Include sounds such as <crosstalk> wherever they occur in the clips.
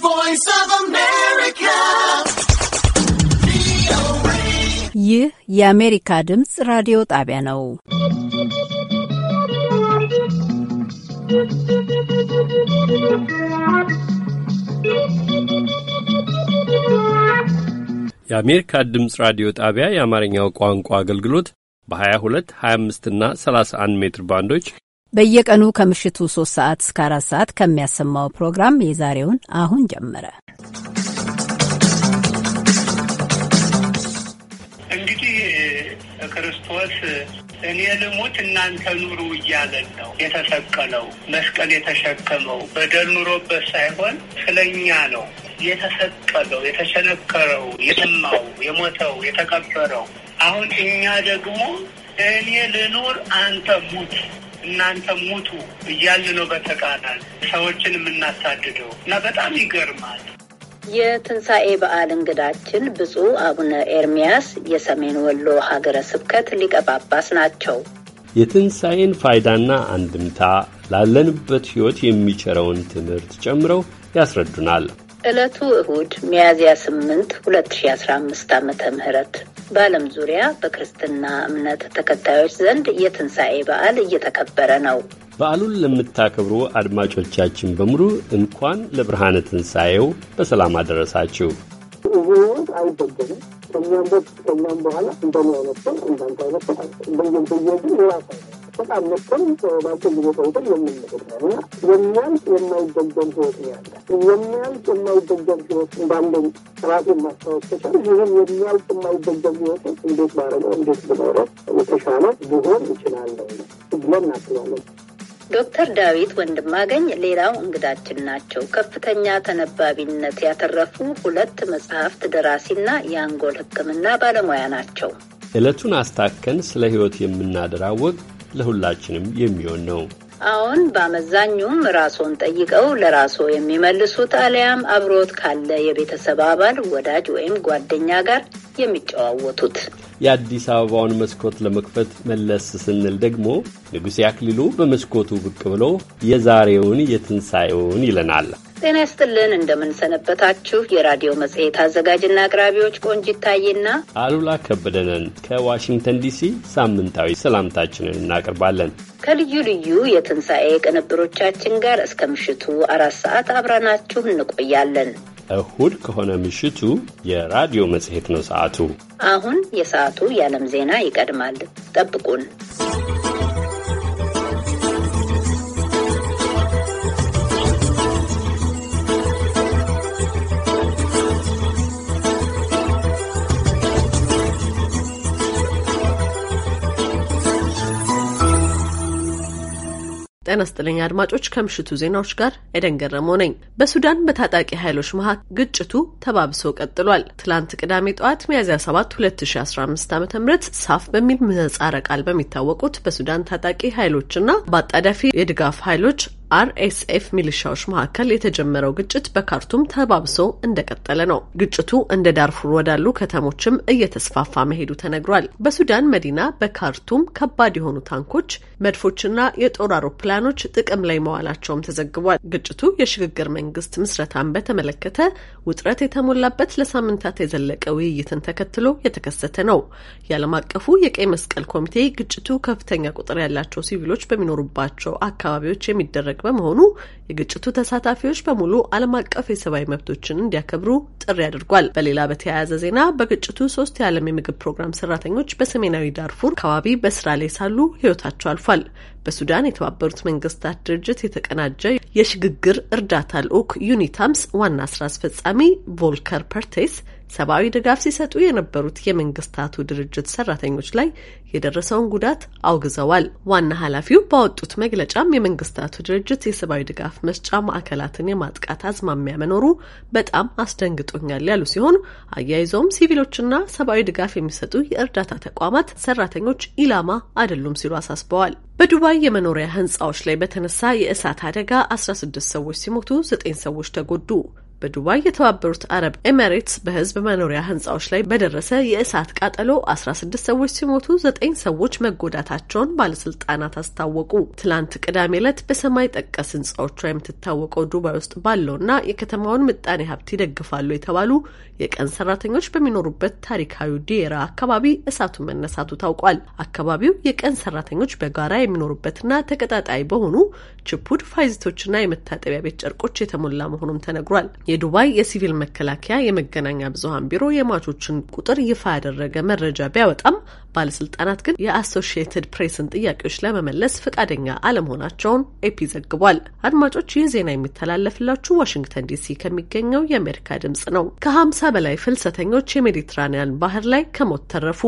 voice ይህ የአሜሪካ ድምፅ ራዲዮ ጣቢያ ነው። የአሜሪካ ድምፅ ራዲዮ ጣቢያ የአማርኛው ቋንቋ አገልግሎት በ22፣ 25 እና 31 ሜትር ባንዶች በየቀኑ ከምሽቱ ሶስት ሰዓት እስከ 4 ሰዓት ከሚያሰማው ፕሮግራም የዛሬውን አሁን ጀመረ። እንግዲህ ክርስቶስ እኔ ልሙት እናንተ ኑሩ እያለን ነው የተሰቀለው። መስቀል የተሸከመው በደል ኑሮበት ሳይሆን ስለኛ ነው የተሰቀለው፣ የተቸነከረው፣ የሰማው፣ የሞተው፣ የተቀበረው። አሁን እኛ ደግሞ እኔ ልኑር አንተ ሙት እናንተ ሙቱ እያል ነው በተቃራኒ ሰዎችን የምናሳድደው እና በጣም ይገርማል። የትንሣኤ በዓል እንግዳችን ብፁዕ አቡነ ኤርሚያስ የሰሜን ወሎ ሀገረ ስብከት ሊቀ ጳጳስ ናቸው። የትንሣኤን ፋይዳና አንድምታ ላለንበት ሕይወት የሚቸረውን ትምህርት ጨምረው ያስረዱናል። ዕለቱ እሁድ ሚያዝያ 8 2015 ዓ ም በዓለም ዙሪያ በክርስትና እምነት ተከታዮች ዘንድ የትንሣኤ በዓል እየተከበረ ነው። በዓሉን ለምታከብሩ አድማጮቻችን በሙሉ እንኳን ለብርሃነ ትንሣኤው በሰላም አደረሳችሁ። አይበገንም ከኛም በፊት ከኛም በኋላ እንደኔ አይነት ሰው እንዳንተ አይነት በየ በየበየ ራሳ በጣም መኮንም ባልከል ቦታውትን የምንገባ የሚያልፍ የማይደገም ህይወት ያለ የሚያልፍ የማይደገም ህይወት እንዳለኝ ራሴ ማስታወስ ተቻል። ይህም የሚያልፍ የማይደገም ህይወት እንዴት ባረገው እንዴት ብኖረ የተሻለ ሊሆን ይችላለ ብለን እናስባለን። ዶክተር ዳዊት ወንድማገኝ ሌላው እንግዳችን ናቸው። ከፍተኛ ተነባቢነት ያተረፉ ሁለት መጽሐፍት ደራሲና የአንጎል ሕክምና ባለሙያ ናቸው። ዕለቱን አስታከን ስለ ሕይወት የምናደራ ለሁላችንም የሚሆን ነው። አሁን በአመዛኙም ራስዎን ጠይቀው ለራስዎ የሚመልሱት አሊያም አብሮት ካለ የቤተሰብ አባል ወዳጅ ወይም ጓደኛ ጋር የሚጨዋወቱት። የአዲስ አበባውን መስኮት ለመክፈት መለስ ስንል ደግሞ ንጉሴ አክሊሉ በመስኮቱ ብቅ ብሎ የዛሬውን የትንሣኤውን ይለናል። ጤና ይስጥልን እንደምንሰነበታችሁ። የራዲዮ መጽሔት አዘጋጅና አቅራቢዎች ቆንጅ ይታይና አሉላ ከበደንን ከዋሽንግተን ዲሲ ሳምንታዊ ሰላምታችንን እናቀርባለን። ከልዩ ልዩ የትንሣኤ ቅንብሮቻችን ጋር እስከ ምሽቱ አራት ሰዓት አብረናችሁ እንቆያለን። እሁድ ከሆነ ምሽቱ የራዲዮ መጽሔት ነው ሰዓቱ። አሁን የሰዓቱ የዓለም ዜና ይቀድማል። ጠብቁን። ጤና ስጥልኝ አድማጮች፣ ከምሽቱ ዜናዎች ጋር ኤደን ገረመው ነኝ። በሱዳን በታጣቂ ኃይሎች መሀል ግጭቱ ተባብሶ ቀጥሏል። ትላንት ቅዳሜ ጠዋት ሚያዝያ 7 2015 ዓ ም ሳፍ በሚል ምህጻረ ቃል በሚታወቁት በሱዳን ታጣቂ ኃይሎችና በአጣዳፊ የድጋፍ ኃይሎች አርኤስኤፍ ሚሊሻዎች መካከል የተጀመረው ግጭት በካርቱም ተባብሶ እንደቀጠለ ነው። ግጭቱ እንደ ዳርፉር ወዳሉ ከተሞችም እየተስፋፋ መሄዱ ተነግሯል። በሱዳን መዲና በካርቱም ከባድ የሆኑ ታንኮች፣ መድፎችና የጦር አውሮፕላኖች ጥቅም ላይ መዋላቸውም ተዘግቧል። ግጭቱ የሽግግር መንግስት ምስረታን በተመለከተ ውጥረት የተሞላበት ለሳምንታት የዘለቀ ውይይትን ተከትሎ የተከሰተ ነው። የዓለም አቀፉ የቀይ መስቀል ኮሚቴ ግጭቱ ከፍተኛ ቁጥር ያላቸው ሲቪሎች በሚኖሩባቸው አካባቢዎች የሚደረግ በመሆኑ የግጭቱ ተሳታፊዎች በሙሉ ዓለም አቀፍ የሰብአዊ መብቶችን እንዲያከብሩ ጥሪ አድርጓል። በሌላ በተያያዘ ዜና በግጭቱ ሶስት የዓለም የምግብ ፕሮግራም ሰራተኞች በሰሜናዊ ዳርፉር አካባቢ በስራ ላይ ሳሉ ህይወታቸው አልፏል። በሱዳን የተባበሩት መንግስታት ድርጅት የተቀናጀ የሽግግር እርዳታ ልዑክ ዩኒታምስ ዋና ስራ አስፈጻሚ ቮልከር ፐርቴስ ሰብአዊ ድጋፍ ሲሰጡ የነበሩት የመንግስታቱ ድርጅት ሰራተኞች ላይ የደረሰውን ጉዳት አውግዘዋል። ዋና ኃላፊው ባወጡት መግለጫም የመንግስታቱ ድርጅት የሰብአዊ ድጋፍ መስጫ ማዕከላትን የማጥቃት አዝማሚያ መኖሩ በጣም አስደንግጦኛል ያሉ ሲሆን አያይዘውም ሲቪሎችና ሰብአዊ ድጋፍ የሚሰጡ የእርዳታ ተቋማት ሰራተኞች ኢላማ አይደሉም ሲሉ አሳስበዋል። በዱባይ የመኖሪያ ህንፃዎች ላይ በተነሳ የእሳት አደጋ 16 ሰዎች ሲሞቱ 9 ሰዎች ተጎዱ። በዱባይ የተባበሩት አረብ ኤሜሬትስ በህዝብ መኖሪያ ህንጻዎች ላይ በደረሰ የእሳት ቃጠሎ 16 ሰዎች ሲሞቱ ዘጠኝ ሰዎች መጎዳታቸውን ባለስልጣናት አስታወቁ። ትላንት ቅዳሜ ዕለት በሰማይ ጠቀስ ህንፃዎቿ የምትታወቀው ዱባይ ውስጥ ባለውና የከተማውን ምጣኔ ሀብት ይደግፋሉ የተባሉ የቀን ሰራተኞች በሚኖሩበት ታሪካዊ ዲራ አካባቢ እሳቱ መነሳቱ ታውቋል። አካባቢው የቀን ሰራተኞች በጋራ የሚኖሩበትና ተቀጣጣይ በሆኑ ችፑድ ፋይዝቶችና የመታጠቢያ ቤት ጨርቆች የተሞላ መሆኑም ተነግሯል። የዱባይ የሲቪል መከላከያ የመገናኛ ብዙሀን ቢሮ የሟቾችን ቁጥር ይፋ ያደረገ መረጃ ቢያወጣም ባለስልጣናት ግን የአሶሺየትድ ፕሬስን ጥያቄዎች ለመመለስ ፈቃደኛ አለመሆናቸውን ኤፒ ዘግቧል። አድማጮች ይህ ዜና የሚተላለፍላችሁ ዋሽንግተን ዲሲ ከሚገኘው የአሜሪካ ድምጽ ነው። ከሀምሳ በላይ ፍልሰተኞች የሜዲትራኒያን ባህር ላይ ከሞት ተረፉ።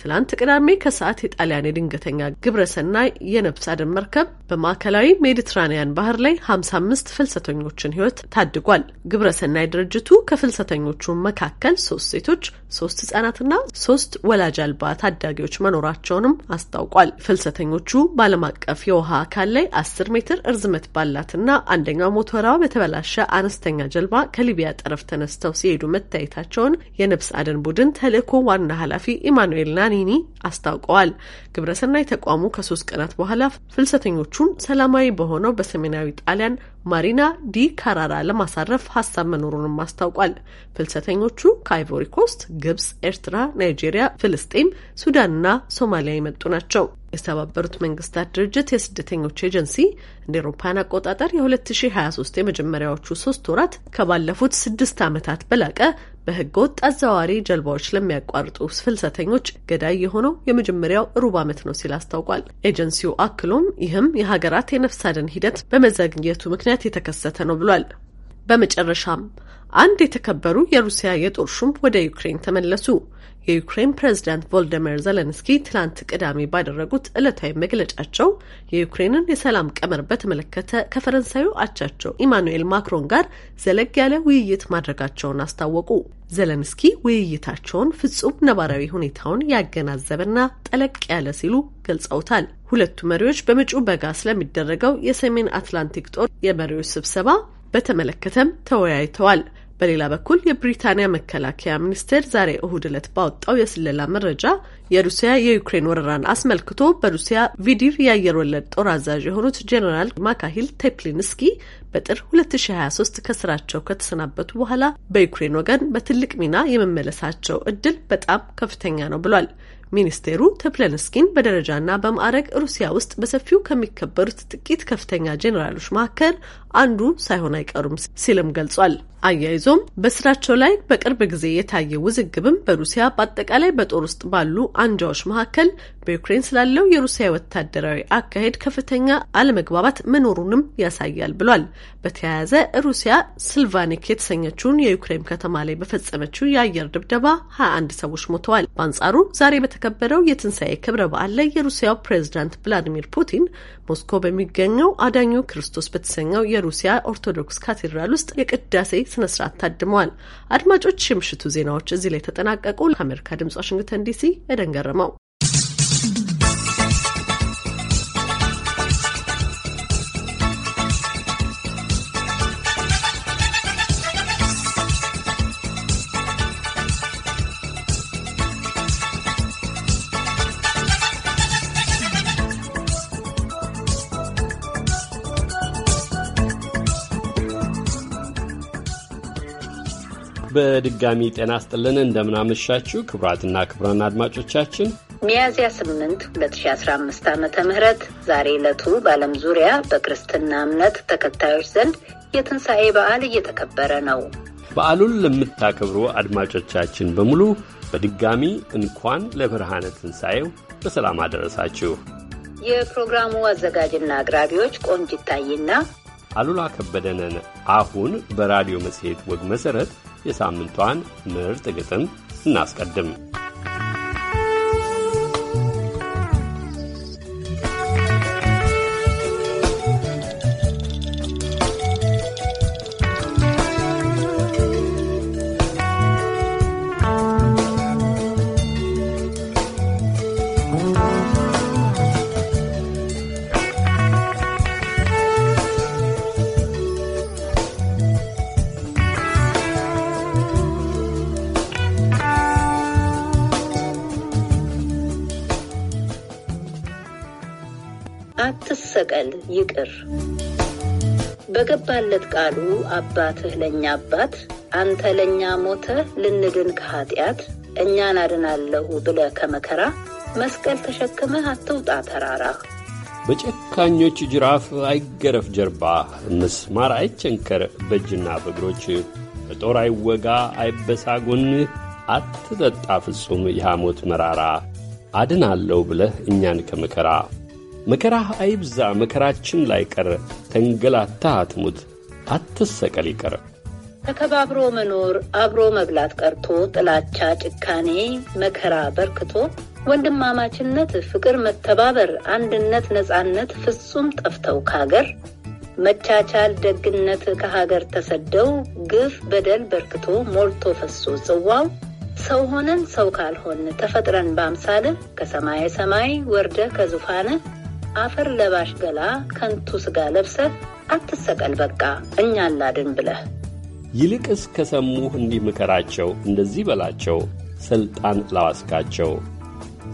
ትላንት ቅዳሜ ከሰዓት የጣሊያን የድንገተኛ ግብረሰናይ የነፍስ አድን መርከብ በማዕከላዊ ሜዲትራኒያን ባህር ላይ ሀምሳ አምስት ፍልሰተኞችን ህይወት ታድጓል። ግብረሰናይ ድርጅቱ ከፍልሰተኞቹ መካከል ሶስት ሴቶች፣ ሶስት ህጻናትና ሶስት ወላጅ አልባ ታደ ታዳጊዎች መኖራቸውንም አስታውቋል። ፍልሰተኞቹ በዓለም አቀፍ የውሃ አካል ላይ አስር ሜትር እርዝመት ባላትና አንደኛው ሞተሯ በተበላሸ አነስተኛ ጀልባ ከሊቢያ ጠረፍ ተነስተው ሲሄዱ መታየታቸውን የነብስ አደን ቡድን ተልእኮ ዋና ኃላፊ ኢማኑኤል ናኒኒ አስታውቀዋል። ግብረሰናይ ተቋሙ ከሶስት ቀናት በኋላ ፍልሰተኞቹን ሰላማዊ በሆነው በሰሜናዊ ጣሊያን ማሪና ዲ ካራራ ለማሳረፍ ሀሳብ መኖሩንም አስታውቋል። ፍልሰተኞቹ ከአይቮሪ ኮስት፣ ግብጽ፣ ኤርትራ፣ ናይጄሪያ፣ ፍልስጤም፣ ሱዳንና ሶማሊያ የመጡ ናቸው። የተባበሩት መንግስታት ድርጅት የስደተኞች ኤጀንሲ እንደ ኤሮፓን አቆጣጠር የ2023 የመጀመሪያዎቹ ሶስት ወራት ከባለፉት ስድስት ዓመታት በላቀ በህገ ወጥ አዘዋዋሪ ጀልባዎች ለሚያቋርጡ ፍልሰተኞች ገዳይ የሆነው የመጀመሪያው ሩብ ዓመት ነው ሲል አስታውቋል። ኤጀንሲው አክሎም ይህም የሀገራት የነፍስ አድን ሂደት በመዘግየቱ ምክንያት የተከሰተ ነው ብሏል። በመጨረሻም አንድ የተከበሩ የሩሲያ የጦር ሹም ወደ ዩክሬን ተመለሱ። የዩክሬን ፕሬዝዳንት ቮልደሚር ዘለንስኪ ትላንት ቅዳሜ ባደረጉት ዕለታዊ መግለጫቸው የዩክሬንን የሰላም ቀመር በተመለከተ ከፈረንሳዩ አቻቸው ኢማኑኤል ማክሮን ጋር ዘለግ ያለ ውይይት ማድረጋቸውን አስታወቁ። ዘለንስኪ ውይይታቸውን ፍጹም ነባራዊ ሁኔታውን ያገናዘበና ጠለቅ ያለ ሲሉ ገልጸውታል። ሁለቱ መሪዎች በመጪው በጋ ስለሚደረገው የሰሜን አትላንቲክ ጦር የመሪዎች ስብሰባ በተመለከተም ተወያይተዋል። በሌላ በኩል የብሪታንያ መከላከያ ሚኒስቴር ዛሬ እሁድ ዕለት ባወጣው የስለላ መረጃ የሩሲያ የዩክሬን ወረራን አስመልክቶ በሩሲያ ቪዲር የአየር ወለድ ጦር አዛዥ የሆኑት ጄኔራል ማካሂል ቴፕሊንስኪ በጥር 2023 ከስራቸው ከተሰናበቱ በኋላ በዩክሬን ወገን በትልቅ ሚና የመመለሳቸው እድል በጣም ከፍተኛ ነው ብሏል። ሚኒስቴሩ ተፕለንስኪን በደረጃና በማዕረግ ሩሲያ ውስጥ በሰፊው ከሚከበሩት ጥቂት ከፍተኛ ጄኔራሎች መካከል አንዱ ሳይሆን አይቀሩም ሲልም ገልጿል። አያይዞም በስራቸው ላይ በቅርብ ጊዜ የታየ ውዝግብም በሩሲያ በአጠቃላይ በጦር ውስጥ ባሉ አንጃዎች መካከል በዩክሬን ስላለው የሩሲያ ወታደራዊ አካሄድ ከፍተኛ አለመግባባት መኖሩንም ያሳያል ብሏል። በተያያዘ ሩሲያ ስልቫኒክ የተሰኘችውን የዩክሬን ከተማ ላይ በፈጸመችው የአየር ድብደባ 21 ሰዎች ሞተዋል። በአንጻሩ ዛሬ በተከ በሚከበረው የትንሣኤ ክብረ በዓል ላይ የሩሲያው ፕሬዝዳንት ቭላዲሚር ፑቲን ሞስኮ በሚገኘው አዳኙ ክርስቶስ በተሰኘው የሩሲያ ኦርቶዶክስ ካቴድራል ውስጥ የቅዳሴ ስነ ስርዓት ታድመዋል። አድማጮች፣ የምሽቱ ዜናዎች እዚህ ላይ ተጠናቀቁ። ከአሜሪካ ድምጽ ዋሽንግተን ዲሲ የደንገረመው በድጋሚ ጤና ስጥልን እንደምናመሻችሁ ክቡራትና ክቡራን አድማጮቻችን ሚያዝያ 8 2015 ዓመተ ምህረት ዛሬ ዕለቱ በዓለም ዙሪያ በክርስትና እምነት ተከታዮች ዘንድ የትንሣኤ በዓል እየተከበረ ነው። በዓሉን ለምታከብሩ አድማጮቻችን በሙሉ በድጋሚ እንኳን ለብርሃነ ትንሣኤው በሰላም አደረሳችሁ። የፕሮግራሙ አዘጋጅና አቅራቢዎች ቆንጅታይና አሉላ ከበደነን። አሁን በራዲዮ መጽሔት ወግ መሠረት የሳምንቷን ምርጥ ግጥም እናስቀድም። ይቅር በገባለት ቃሉ አባትህ ለእኛ አባት አንተ ለእኛ ሞተ ልንድን ከኃጢአት እኛን አድናለሁ ብለ ከመከራ መስቀል ተሸክመህ አትውጣ ተራራ። በጨካኞች ጅራፍ አይገረፍ ጀርባ፣ ምስማር አይቸንከር በእጅና በእግሮች፣ በጦር አይወጋ አይበሳጎን፣ አትጠጣ ፍጹም የሐሞት መራራ፣ አድናለሁ ብለህ እኛን ከመከራ መከራህ አይብዛ መከራችን ላይ ቀር ተንገላታ አትሙት አትሰቀል ይቀር ተከባብሮ መኖር አብሮ መብላት ቀርቶ ጥላቻ፣ ጭካኔ፣ መከራ በርክቶ ወንድማማችነት፣ ፍቅር፣ መተባበር፣ አንድነት፣ ነጻነት ፍጹም ጠፍተው ከሀገር መቻቻል፣ ደግነት ከሀገር ተሰደው ግፍ፣ በደል በርክቶ ሞልቶ ፈሶ ጽዋው ሰው ሆነን ሰው ካልሆን ተፈጥረን ባምሳልህ ከሰማየ ሰማይ ወርደ ከዙፋንህ አፈር ለባሽ ገላ ከንቱ ስጋ ለብሰህ አትሰቀል በቃ እኛ ላድን ብለህ ይልቅስ ከሰሙህ እንዲምከራቸው እንደዚህ በላቸው ሥልጣን ላዋስካቸው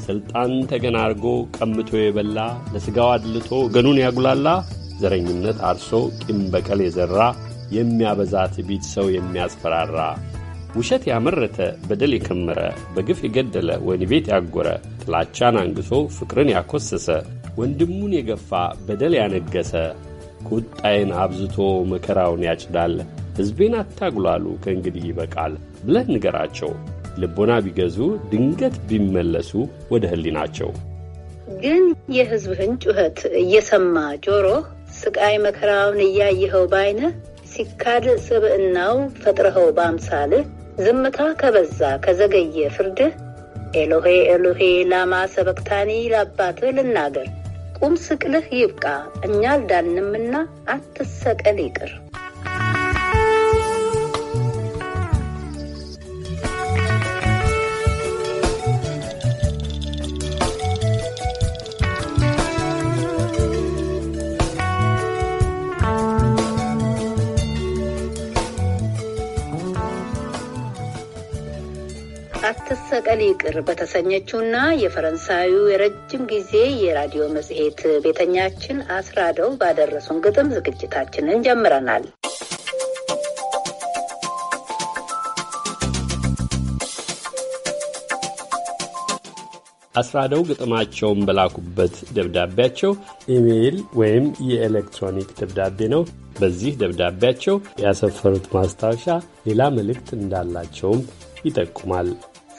ሥልጣን ተገና አርጎ ቀምቶ የበላ ለሥጋው አድልቶ ገኑን ያጉላላ ዘረኝነት አርሶ ቂም በቀል የዘራ የሚያበዛ ትቢት ሰው የሚያስፈራራ ውሸት ያመረተ በደል የከመረ በግፍ የገደለ ወህኒ ቤት ያጎረ ጥላቻን አንግሶ ፍቅርን ያኮሰሰ ወንድሙን የገፋ በደል ያነገሰ ቁጣዬን አብዝቶ መከራውን ያጭዳል። ሕዝቤን አታጉላሉ ከእንግዲህ ይበቃል ብለህ ንገራቸው። ልቦና ቢገዙ ድንገት ቢመለሱ ወደ ናቸው። ግን የሕዝብህን ጩኸት እየሰማ ጆሮ ስቃይ መከራውን እያየኸው ባይነ ሲካድ ስብዕናው ፈጥረኸው በአምሳልህ ዝምታ ከበዛ ከዘገየ ፍርድህ ኤሎሄ ኤሎሄ ላማ ሰበክታኒ ላባትህ ልናገር ቁም ስቅልህ ይብቃ፣ እኛ አልዳንምና አትሰቀል ይቅር ከሰቀል ይቅር በተሰኘችውና የፈረንሳዩ የረጅም ጊዜ የራዲዮ መጽሔት ቤተኛችን አስራደው ባደረሱን ግጥም ዝግጅታችንን ጀምረናል። አስራደው ግጥማቸውን በላኩበት ደብዳቤያቸው ኢሜይል ወይም የኤሌክትሮኒክ ደብዳቤ ነው። በዚህ ደብዳቤያቸው ያሰፈሩት ማስታወሻ ሌላ መልእክት እንዳላቸውም ይጠቁማል።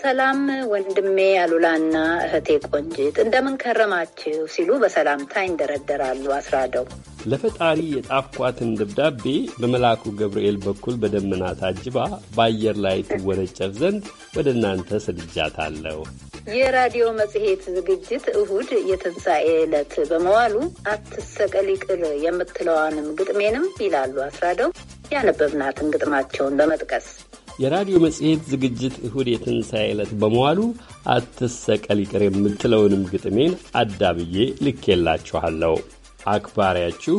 ሰላም ወንድሜ አሉላና እህቴ ቆንጅት እንደምን ከረማችሁ ሲሉ በሰላምታ ይንደረደራሉ። አስራደው ለፈጣሪ የጣፍኳትን ደብዳቤ በመልአኩ ገብርኤል በኩል በደመና ታጅባ በአየር ላይ ትወነጨፍ ዘንድ ወደ እናንተ ስልጃታለሁ። የራዲዮ መጽሔት ዝግጅት እሁድ የትንሣኤ ዕለት በመዋሉ አትሰቀል ይቅር የምትለዋንም ግጥሜንም ይላሉ አስራደው ያነበብናትን ግጥማቸውን በመጥቀስ የራዲዮ መጽሔት ዝግጅት እሁድ የትንሣኤ ዕለት በመዋሉ አትሰቀል ይቅር የምትለውንም ግጥሜን አዳብዬ ልኬላችኋለሁ። አክባሪያችሁ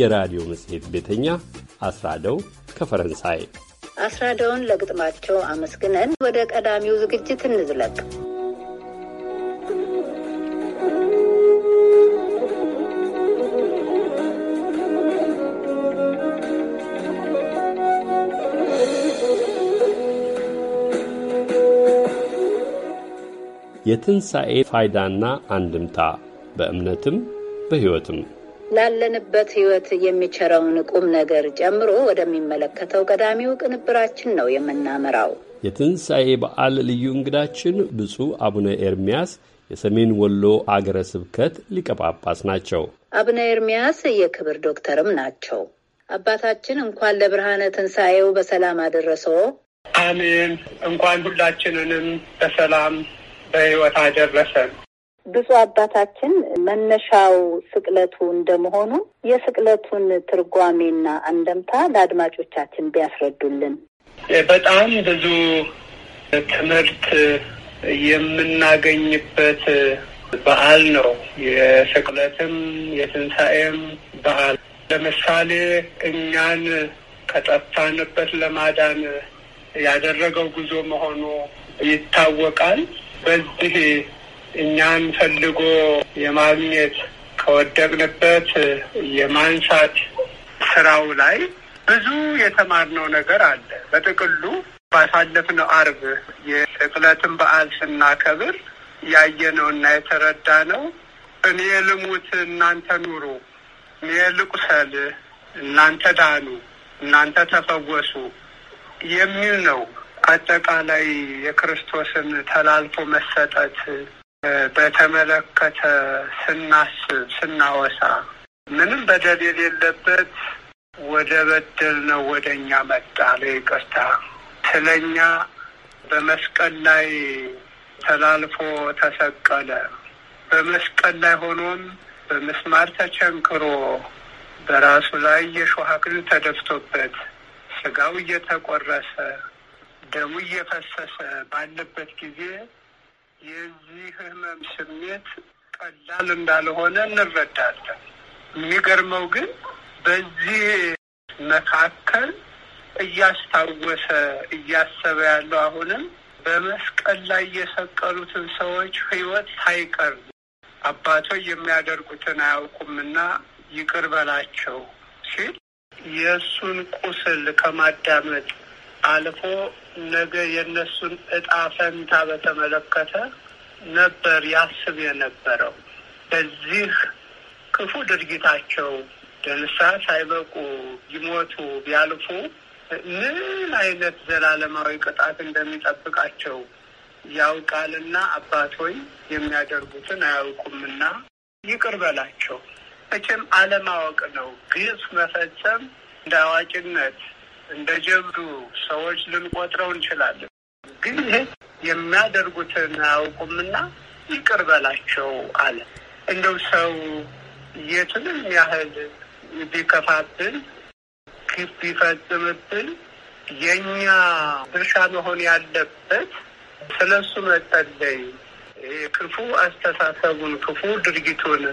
የራዲዮ መጽሔት ቤተኛ አስራደው ከፈረንሳይ አስራደውን ለግጥማቸው አመስግነን ወደ ቀዳሚው ዝግጅት እንዝለቅ። የትንሣኤ ፋይዳና አንድምታ በእምነትም በሕይወትም ላለንበት ሕይወት የሚቸረውን ቁም ነገር ጨምሮ ወደሚመለከተው ቀዳሚው ቅንብራችን ነው የምናመራው። የትንሣኤ በዓል ልዩ እንግዳችን ብፁዕ አቡነ ኤርምያስ የሰሜን ወሎ አገረ ስብከት ሊቀ ጳጳስ ናቸው። አቡነ ኤርምያስ የክብር ዶክተርም ናቸው። አባታችን እንኳን ለብርሃነ ትንሣኤው በሰላም አደረሰዎ። አሜን። እንኳን ሁላችንንም በሰላም በህይወት አደረሰን። ብዙ አባታችን መነሻው ስቅለቱ እንደመሆኑ የስቅለቱን ትርጓሜና አንደምታ ለአድማጮቻችን ቢያስረዱልን። በጣም ብዙ ትምህርት የምናገኝበት በዓል ነው። የስቅለትም የትንሣኤም በዓል ለምሳሌ እኛን ከጠፋንበት ለማዳን ያደረገው ጉዞ መሆኑ ይታወቃል። በዚህ እኛን ፈልጎ የማግኘት ከወደቅንበት የማንሳት ስራው ላይ ብዙ የተማርነው ነገር አለ። በጥቅሉ ባሳለፍነው አርብ የስቅለትን በዓል ስናከብር ያየነው እና ነው እኔ ልሙት እናንተ ኑሩ፣ እኔ ልቁሰል እናንተ ዳኑ፣ እናንተ ተፈወሱ የሚል ነው። አጠቃላይ የክርስቶስን ተላልፎ መሰጠት በተመለከተ ስናስብ ስናወሳ ምንም በደል የሌለበት ወደ በደል ነው ወደ እኛ መጣ ለይቅርታ ስለኛ በመስቀል ላይ ተላልፎ ተሰቀለ። በመስቀል ላይ ሆኖም በምስማር ተቸንክሮ በራሱ ላይ የሾህ አክሊል ተደፍቶበት ስጋው እየተቆረሰ ደሙ እየፈሰሰ ባለበት ጊዜ የዚህ ህመም ስሜት ቀላል እንዳልሆነ እንረዳለን። የሚገርመው ግን በዚህ መካከል እያስታወሰ እያሰበ ያለው አሁንም በመስቀል ላይ የሰቀሉትን ሰዎች ህይወት ሳይቀር አባቶች የሚያደርጉትን አያውቁምና ይቅር በላቸው ሲል የእሱን ቁስል ከማዳመጥ አልፎ ነገ የእነሱን እጣ ፈንታ በተመለከተ ነበር ያስብ የነበረው። በዚህ ክፉ ድርጊታቸው ለንስሐ ሳይበቁ ቢሞቱ ቢያልፉ ምን አይነት ዘላለማዊ ቅጣት እንደሚጠብቃቸው ያውቃልና አባት ሆይ የሚያደርጉትን አያውቁምና ይቅር በላቸው። መቼም አለማወቅ ነው ግፍ መፈጸም እንደ አዋቂነት እንደ ጀብዱ ሰዎች ልንቆጥረው እንችላለን። ግን ይሄ የሚያደርጉትን አያውቁምና ይቅር በላቸው አለ። እንደው ሰው የትንም ያህል ቢከፋብን ቢፈጽምብን የእኛ ድርሻ መሆን ያለበት ስለ እሱ ክፉ አስተሳሰቡን፣ ክፉ ድርጊቱን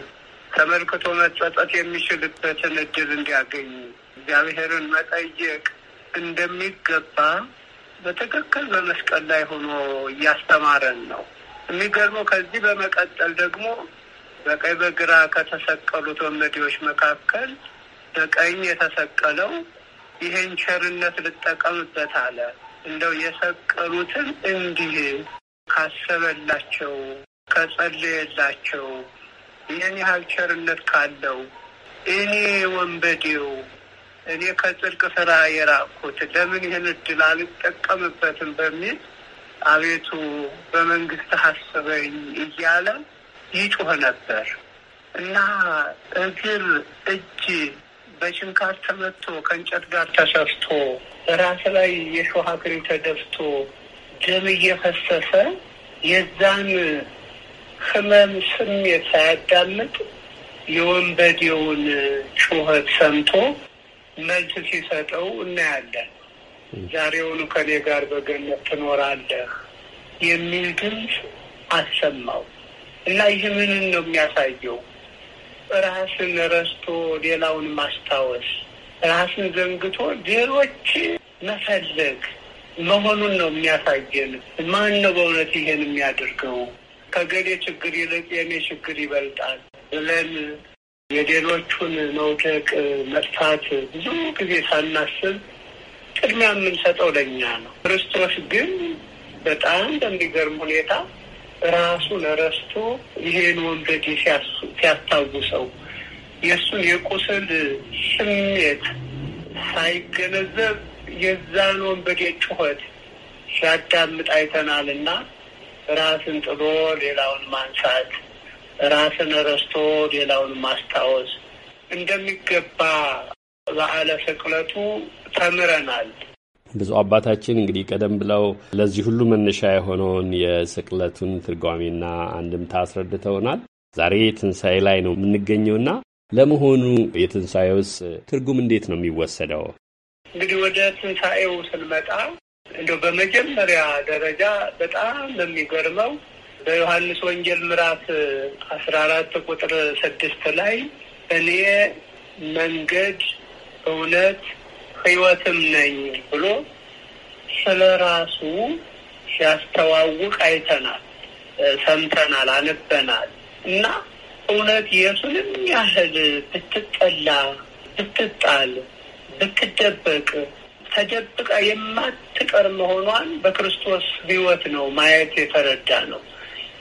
ተመልክቶ መጸጸት የሚችልበትን እድል እንዲያገኝ እግዚአብሔርን መጠየቅ እንደሚገባ በትክክል በመስቀል ላይ ሆኖ እያስተማረን ነው። የሚገርመው ከዚህ በመቀጠል ደግሞ በቀኝ በግራ ከተሰቀሉት ወንበዴዎች መካከል በቀኝ የተሰቀለው ይሄን ቸርነት ልጠቀምበት አለ። እንደው የሰቀሉትን እንዲህ ካሰበላቸው፣ ከጸለየላቸው ይህን ያህል ቸርነት ካለው እኔ ወንበዴው እኔ ከጽድቅ ስራ የራቅኩት ለምን ይህን እድል አልጠቀምበትም በሚል አቤቱ በመንግስት አስበኝ እያለ ይጮህ ነበር እና እግር እጅ በችንካር ተመቶ ከእንጨት ጋር ተሰፍቶ ራስ ላይ የሾህ አክሊል ተደፍቶ ደም እየፈሰሰ የዛን ህመም ስሜት ሳያዳምጥ የወንበዴውን ጩኸት ሰምቶ መልስ ሲሰጠው እናያለን። ዛሬውኑ ከኔ ጋር በገነት ትኖራለህ የሚል ድምፅ አሰማው እና ይህ ምንን ነው የሚያሳየው? ራስን ረስቶ ሌላውን ማስታወስ፣ ራስን ዘንግቶ ሌሎች መፈለግ መሆኑን ነው የሚያሳየን። ማን ነው በእውነት ይሄን የሚያደርገው? ከገሌ ችግር ይልቅ የእኔ ችግር ይበልጣል ብለን የሌሎቹን መውደቅ መጥፋት ብዙ ጊዜ ሳናስብ ቅድሚያ የምንሰጠው ለእኛ ነው። ክርስቶስ ግን በጣም በሚገርም ሁኔታ ራሱን ረስቶ ይሄን ወንበዴ ሲያስታውሰው የእሱን የቁስል ስሜት ሳይገነዘብ የዛን ወንበዴ ጩኸት ሲያዳምጥ አይተናልና ራስን ጥሎ ሌላውን ማንሳት ራስን ረስቶ ሌላውን ማስታወስ እንደሚገባ በዓለ ስቅለቱ ተምረናል። ብፁዕ አባታችን እንግዲህ ቀደም ብለው ለዚህ ሁሉ መነሻ የሆነውን የስቅለቱን ትርጓሜና አንድምታ አስረድተውናል። ዛሬ ትንሣኤ ላይ ነው የምንገኘውና ለመሆኑ የትንሣኤውስ ትርጉም እንዴት ነው የሚወሰደው? እንግዲህ ወደ ትንሣኤው ስንመጣ እንደው በመጀመሪያ ደረጃ በጣም የሚገርመው በዮሐንስ ወንጌል ምዕራፍ አስራ አራት ቁጥር ስድስት ላይ እኔ መንገድ እውነት ሕይወትም ነኝ ብሎ ስለ ራሱ ሲያስተዋውቅ አይተናል፣ ሰምተናል፣ አንበናል እና እውነት የቱንም ያህል ብትጠላ፣ ብትጣል፣ ብትደበቅ ተደብቃ የማትቀር መሆኗን በክርስቶስ ሕይወት ነው ማየት የተረዳ ነው።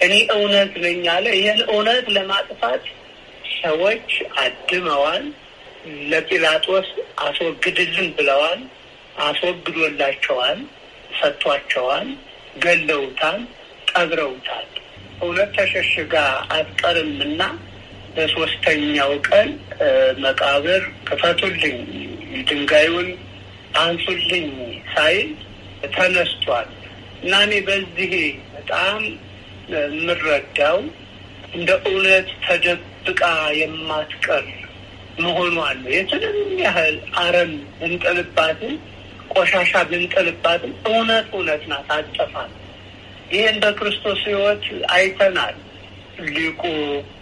እኔ እውነት ነኝ አለ። ይህን እውነት ለማጥፋት ሰዎች አድመዋል። ለጲላጦስ አስወግድልን ብለዋል። አስወግዶላቸዋል፣ ሰጥቷቸዋል፣ ገለውታል፣ ቀብረውታል። እውነት ተሸሽጋ አትቀርምና በሶስተኛው ቀን መቃብር ክፈቱልኝ፣ ድንጋዩን አንሱልኝ ሳይል ተነስቷል እና እኔ በዚህ በጣም የምረዳው እንደ እውነት ተደብቃ የማትቀር መሆኗን ነው። የትንም ያህል አረም ብንጥልባትም ቆሻሻ ብንጥልባትን እውነት እውነት ናት፣ አጠፋል። ይህን በክርስቶስ ሕይወት አይተናል። ሊቁ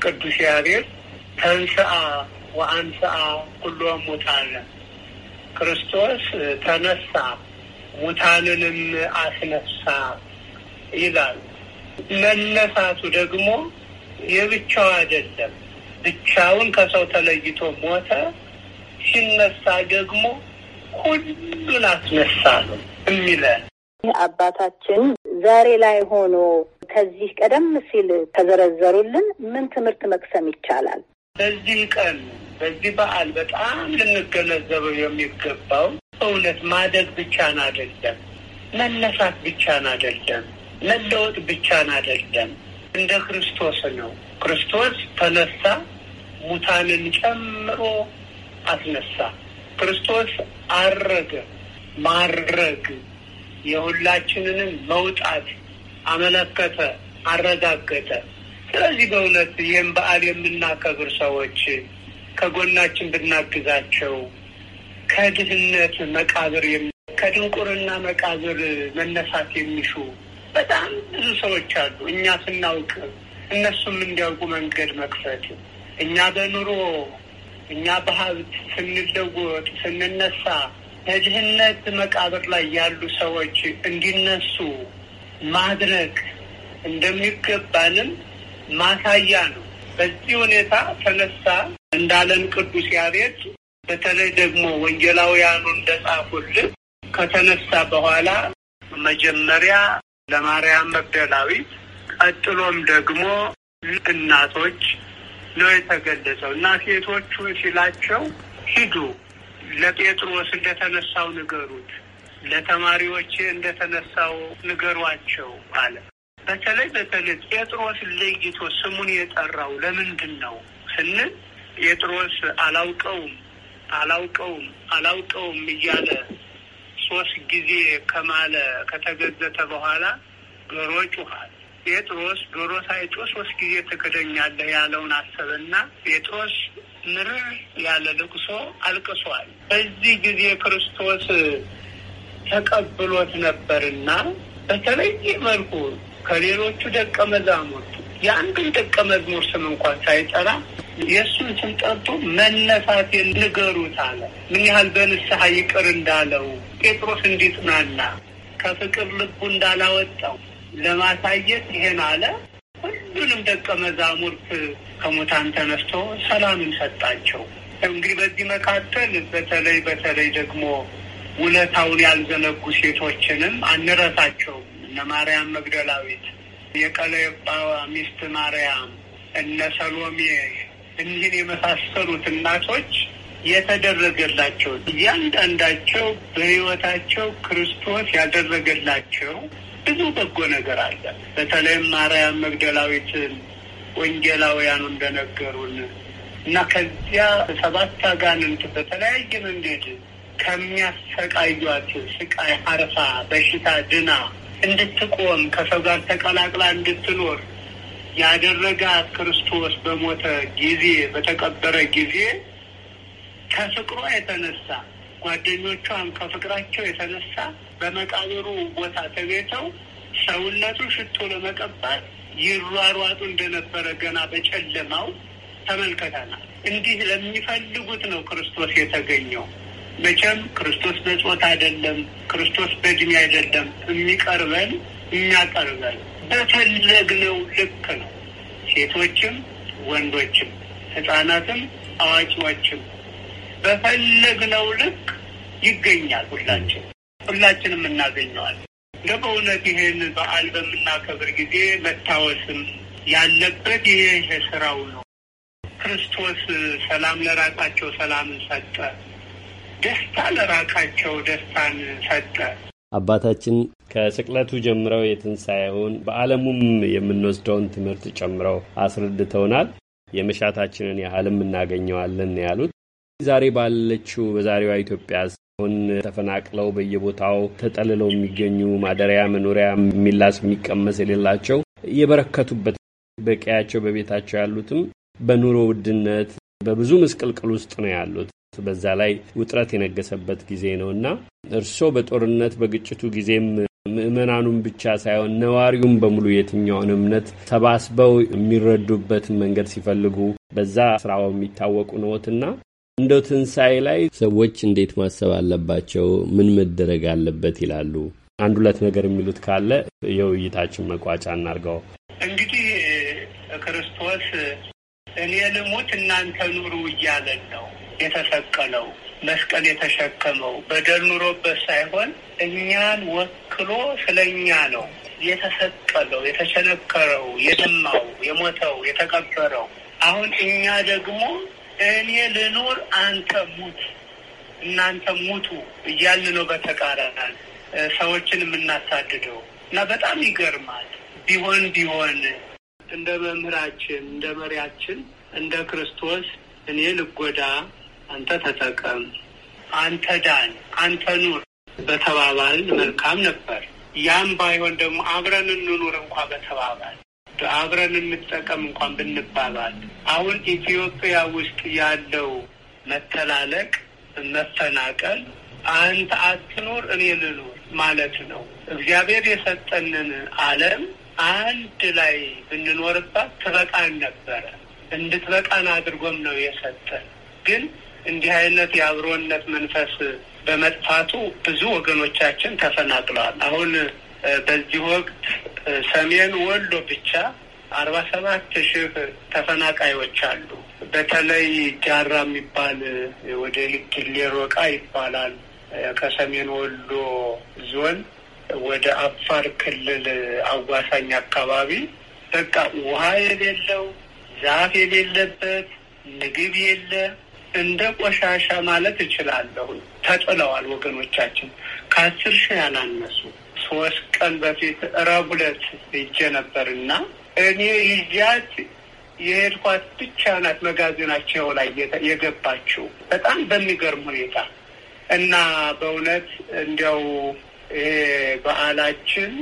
ቅዱስ ያሬድ ተንስአ ወአንስአ ኩሎ ሙታነ ክርስቶስ ተነሳ ሙታንንም አስነሳ ይላል። መነሳቱ ደግሞ የብቻው አይደለም። ብቻውን ከሰው ተለይቶ ሞተ። ሲነሳ ደግሞ ሁሉን አስነሳ ነው የሚለን አባታችን ዛሬ ላይ ሆኖ ከዚህ ቀደም ሲል ከዘረዘሩልን ምን ትምህርት መቅሰም ይቻላል? በዚህ ቀን በዚህ በዓል በጣም ልንገነዘበው የሚገባው እውነት ማደግ ብቻን አይደለም፣ መነሳት ብቻን አይደለም መለወጥ ብቻን አይደለም፣ እንደ ክርስቶስ ነው። ክርስቶስ ተነሳ፣ ሙታንን ጨምሮ አስነሳ። ክርስቶስ አረገ። ማረግ የሁላችንንም መውጣት አመለከተ፣ አረጋገጠ። ስለዚህ በእውነት ይህም በዓል የምናከብር ሰዎች ከጎናችን ብናግዛቸው ከድህነት መቃብር ከድንቁርና መቃብር መነሳት የሚሹ በጣም ብዙ ሰዎች አሉ። እኛ ስናውቅ እነሱም እንዲያውቁ መንገድ መክፈት እኛ በኑሮ እኛ በሀብት ስንለወጥ ስንነሳ በድህነት መቃብር ላይ ያሉ ሰዎች እንዲነሱ ማድረግ እንደሚገባንም ማሳያ ነው። በዚህ ሁኔታ ተነሳ እንዳለን ቅዱስ ያሬድ በተለይ ደግሞ ወንጌላውያኑ እንደጻፉልን ከተነሳ በኋላ መጀመሪያ ለማርያም መግደላዊት ቀጥሎም ደግሞ እናቶች ነው የተገለጸው እና ሴቶቹ ሲላቸው ሂዱ ለጴጥሮስ እንደተነሳው ንገሩት፣ ለተማሪዎቼ እንደተነሳው ንገሯቸው አለ። በተለይ በተለይ ጴጥሮስ ለይቶ ስሙን የጠራው ለምንድን ነው ስንል ጴጥሮስ አላውቀውም አላውቀውም አላውቀውም እያለ ሶስት ጊዜ ከማለ ከተገዘተ በኋላ ዶሮ ጩኋል። ጴጥሮስ ዶሮ ሳይጮ ሶስት ጊዜ ትክደኛለህ ያለውን አሰብና ጴጥሮስ ምርር ያለ ልቅሶ አልቅሷል። በዚህ ጊዜ ክርስቶስ ተቀብሎት ነበርና በተለየ መልኩ ከሌሎቹ ደቀ መዛሙርቱ የአንድን ደቀ መዝሙር ስም እንኳን ሳይጠራ የእሱን ስም ጠርቶ መነሳት ንገሩት አለ። ምን ያህል በንስሐ ይቅር እንዳለው ጴጥሮስ እንዲጽናና ከፍቅር ልቡ እንዳላወጣው ለማሳየት ይሄን አለ። ሁሉንም ደቀ መዛሙርት ከሙታን ተነስቶ ሰላምን ሰጣቸው። እንግዲህ በዚህ መካከል በተለይ በተለይ ደግሞ ውለታውን ያልዘነጉ ሴቶችንም አንረሳቸውም። እነ ማርያም መግደላዊት የቀለባ ሚስት ማርያም፣ እነ ሰሎሜ እኒህን የመሳሰሉት እናቶች የተደረገላቸው እያንዳንዳቸው በሕይወታቸው ክርስቶስ ያደረገላቸው ብዙ በጎ ነገር አለ። በተለይም ማርያም መግደላዊትን ወንጌላውያኑ እንደነገሩን እና ከዚያ ሰባት አጋንንት በተለያየ መንገድ ከሚያሰቃዩት ስቃይ አርፋ በሽታ ድና እንድትቆም ከሰው ጋር ተቀላቅላ እንድትኖር ያደረጋት ክርስቶስ በሞተ ጊዜ በተቀበረ ጊዜ ከፍቅሯ የተነሳ ጓደኞቿም ከፍቅራቸው የተነሳ በመቃብሩ ቦታ ተቤተው ሰውነቱ ሽቶ ለመቀባት ይሯሯጡ እንደነበረ ገና በጨለማው ተመልከተናል። እንዲህ ለሚፈልጉት ነው ክርስቶስ የተገኘው። መቼም ክርስቶስ በጾታ አይደለም፣ ክርስቶስ በእድሜ አይደለም። የሚቀርበን የሚያቀርበን በፈለግነው ልክ ነው። ሴቶችም ወንዶችም፣ ህጻናትም አዋቂዎችም በፈለግነው ልክ ይገኛል። ሁላችን ሁላችንም እናገኘዋል። እንደ በእውነት ይህን በዓል በምናከብር ጊዜ መታወስም ያለበት ይሄ ስራው ነው። ክርስቶስ ሰላም ለራቃቸው ሰላምን ሰጠ ደስታ ለራቃቸው ደስታን ሰጠ። አባታችን ከስቅለቱ ጀምረው የትንሣኤውን በዓለሙም የምንወስደውን ትምህርት ጨምረው አስረድተውናል። የመሻታችንን ያህልም እናገኘዋለን ያሉት ዛሬ ባለችው በዛሬዋ ኢትዮጵያ አሁን ተፈናቅለው በየቦታው ተጠልለው የሚገኙ ማደሪያ፣ መኖሪያ፣ የሚላስ የሚቀመስ የሌላቸው የበረከቱበት በቀያቸው በቤታቸው ያሉትም በኑሮ ውድነት በብዙ ምስቅልቅል ውስጥ ነው ያሉት። በዛ ላይ ውጥረት የነገሰበት ጊዜ ነው እና እርስዎ በጦርነት በግጭቱ ጊዜም ምእመናኑም ብቻ ሳይሆን ነዋሪውም በሙሉ የትኛውን እምነት ሰባስበው የሚረዱበት መንገድ ሲፈልጉ በዛ ስራው የሚታወቁ ነዎትና እንደ ትንሣኤ ላይ ሰዎች እንዴት ማሰብ አለባቸው? ምን መደረግ አለበት ይላሉ? አንድ ሁለት ነገር የሚሉት ካለ የውይይታችን መቋጫ እናርገው። እንግዲህ ክርስቶስ እኔ ልሙት እናንተ ኑሩ እያለን ነው የተሰቀለው መስቀል የተሸከመው በደል ኑሮበት ሳይሆን እኛን ወክሎ ስለ እኛ ነው የተሰቀለው፣ የተቸነከረው፣ የደማው፣ የሞተው፣ የተቀበረው። አሁን እኛ ደግሞ እኔ ልኑር አንተ ሙት፣ እናንተ ሙቱ እያል ነው በተቃራናል ሰዎችን የምናሳድደው እና በጣም ይገርማል። ቢሆን ቢሆን እንደ መምህራችን እንደ መሪያችን እንደ ክርስቶስ እኔ ልጎዳ አንተ ተጠቀም፣ አንተ ዳን፣ አንተ ኑር በተባባል መልካም ነበር። ያም ባይሆን ደግሞ አብረን እንኑር እንኳ በተባባል አብረን እንጠቀም እንኳን ብንባባል አሁን ኢትዮጵያ ውስጥ ያለው መተላለቅ፣ መፈናቀል አንተ አትኑር እኔ ልኑር ማለት ነው። እግዚአብሔር የሰጠንን ዓለም አንድ ላይ ብንኖርባት ትበቃን ነበረ። እንድትበቃን አድርጎም ነው የሰጠን። ግን እንዲህ አይነት የአብሮነት መንፈስ በመጥፋቱ ብዙ ወገኖቻችን ተፈናቅለዋል። አሁን በዚህ ወቅት ሰሜን ወሎ ብቻ አርባ ሰባት ሺህ ተፈናቃዮች አሉ። በተለይ ጃራ የሚባል ወደ ልክሌ ሮቃ ይባላል ከሰሜን ወሎ ዞን ወደ አፋር ክልል አዋሳኝ አካባቢ በቃ ውሃ የሌለው ዛፍ የሌለበት ምግብ የለ እንደ ቆሻሻ ማለት እችላለሁ። ተጥለዋል ወገኖቻችን ከአስር ሺህ ያላነሱ። ሶስት ቀን በፊት ረቡዕ ዕለት ሄጄ ነበርና እኔ ይዣት የሄድኳት ብቻ ናት። መጋዘናቸው ላይ የገባችው በጣም በሚገርም ሁኔታ እና በእውነት እንዲያው ይሄ ባህላችን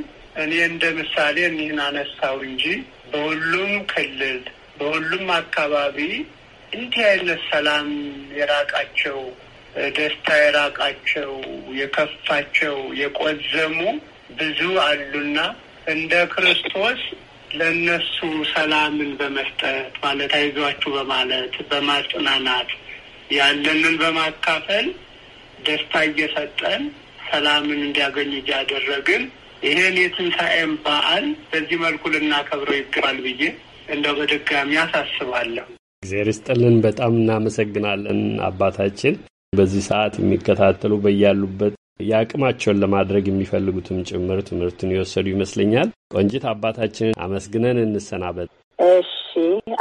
እኔ እንደ ምሳሌ እኒህን አነሳው እንጂ በሁሉም ክልል በሁሉም አካባቢ እንዲህ አይነት ሰላም የራቃቸው ደስታ የራቃቸው የከፋቸው የቆዘሙ ብዙ አሉና እንደ ክርስቶስ ለእነሱ ሰላምን በመስጠት ማለት አይዟችሁ በማለት በማጽናናት ያለንን በማካፈል ደስታ እየሰጠን ሰላምን እንዲያገኙ እያደረግን ይህን የትንሣኤም በዓል በዚህ መልኩ ልናከብረው ይገባል ብዬ እንደው በድጋሚ አሳስባለሁ። እግዚአብሔር ይስጥልን። በጣም እናመሰግናለን አባታችን። በዚህ ሰዓት የሚከታተሉ በያሉበት የአቅማቸውን ለማድረግ የሚፈልጉትም ጭምር ትምህርቱን የወሰዱ ይመስለኛል። ቆንጂት አባታችንን አመስግነን እንሰናበት። እሺ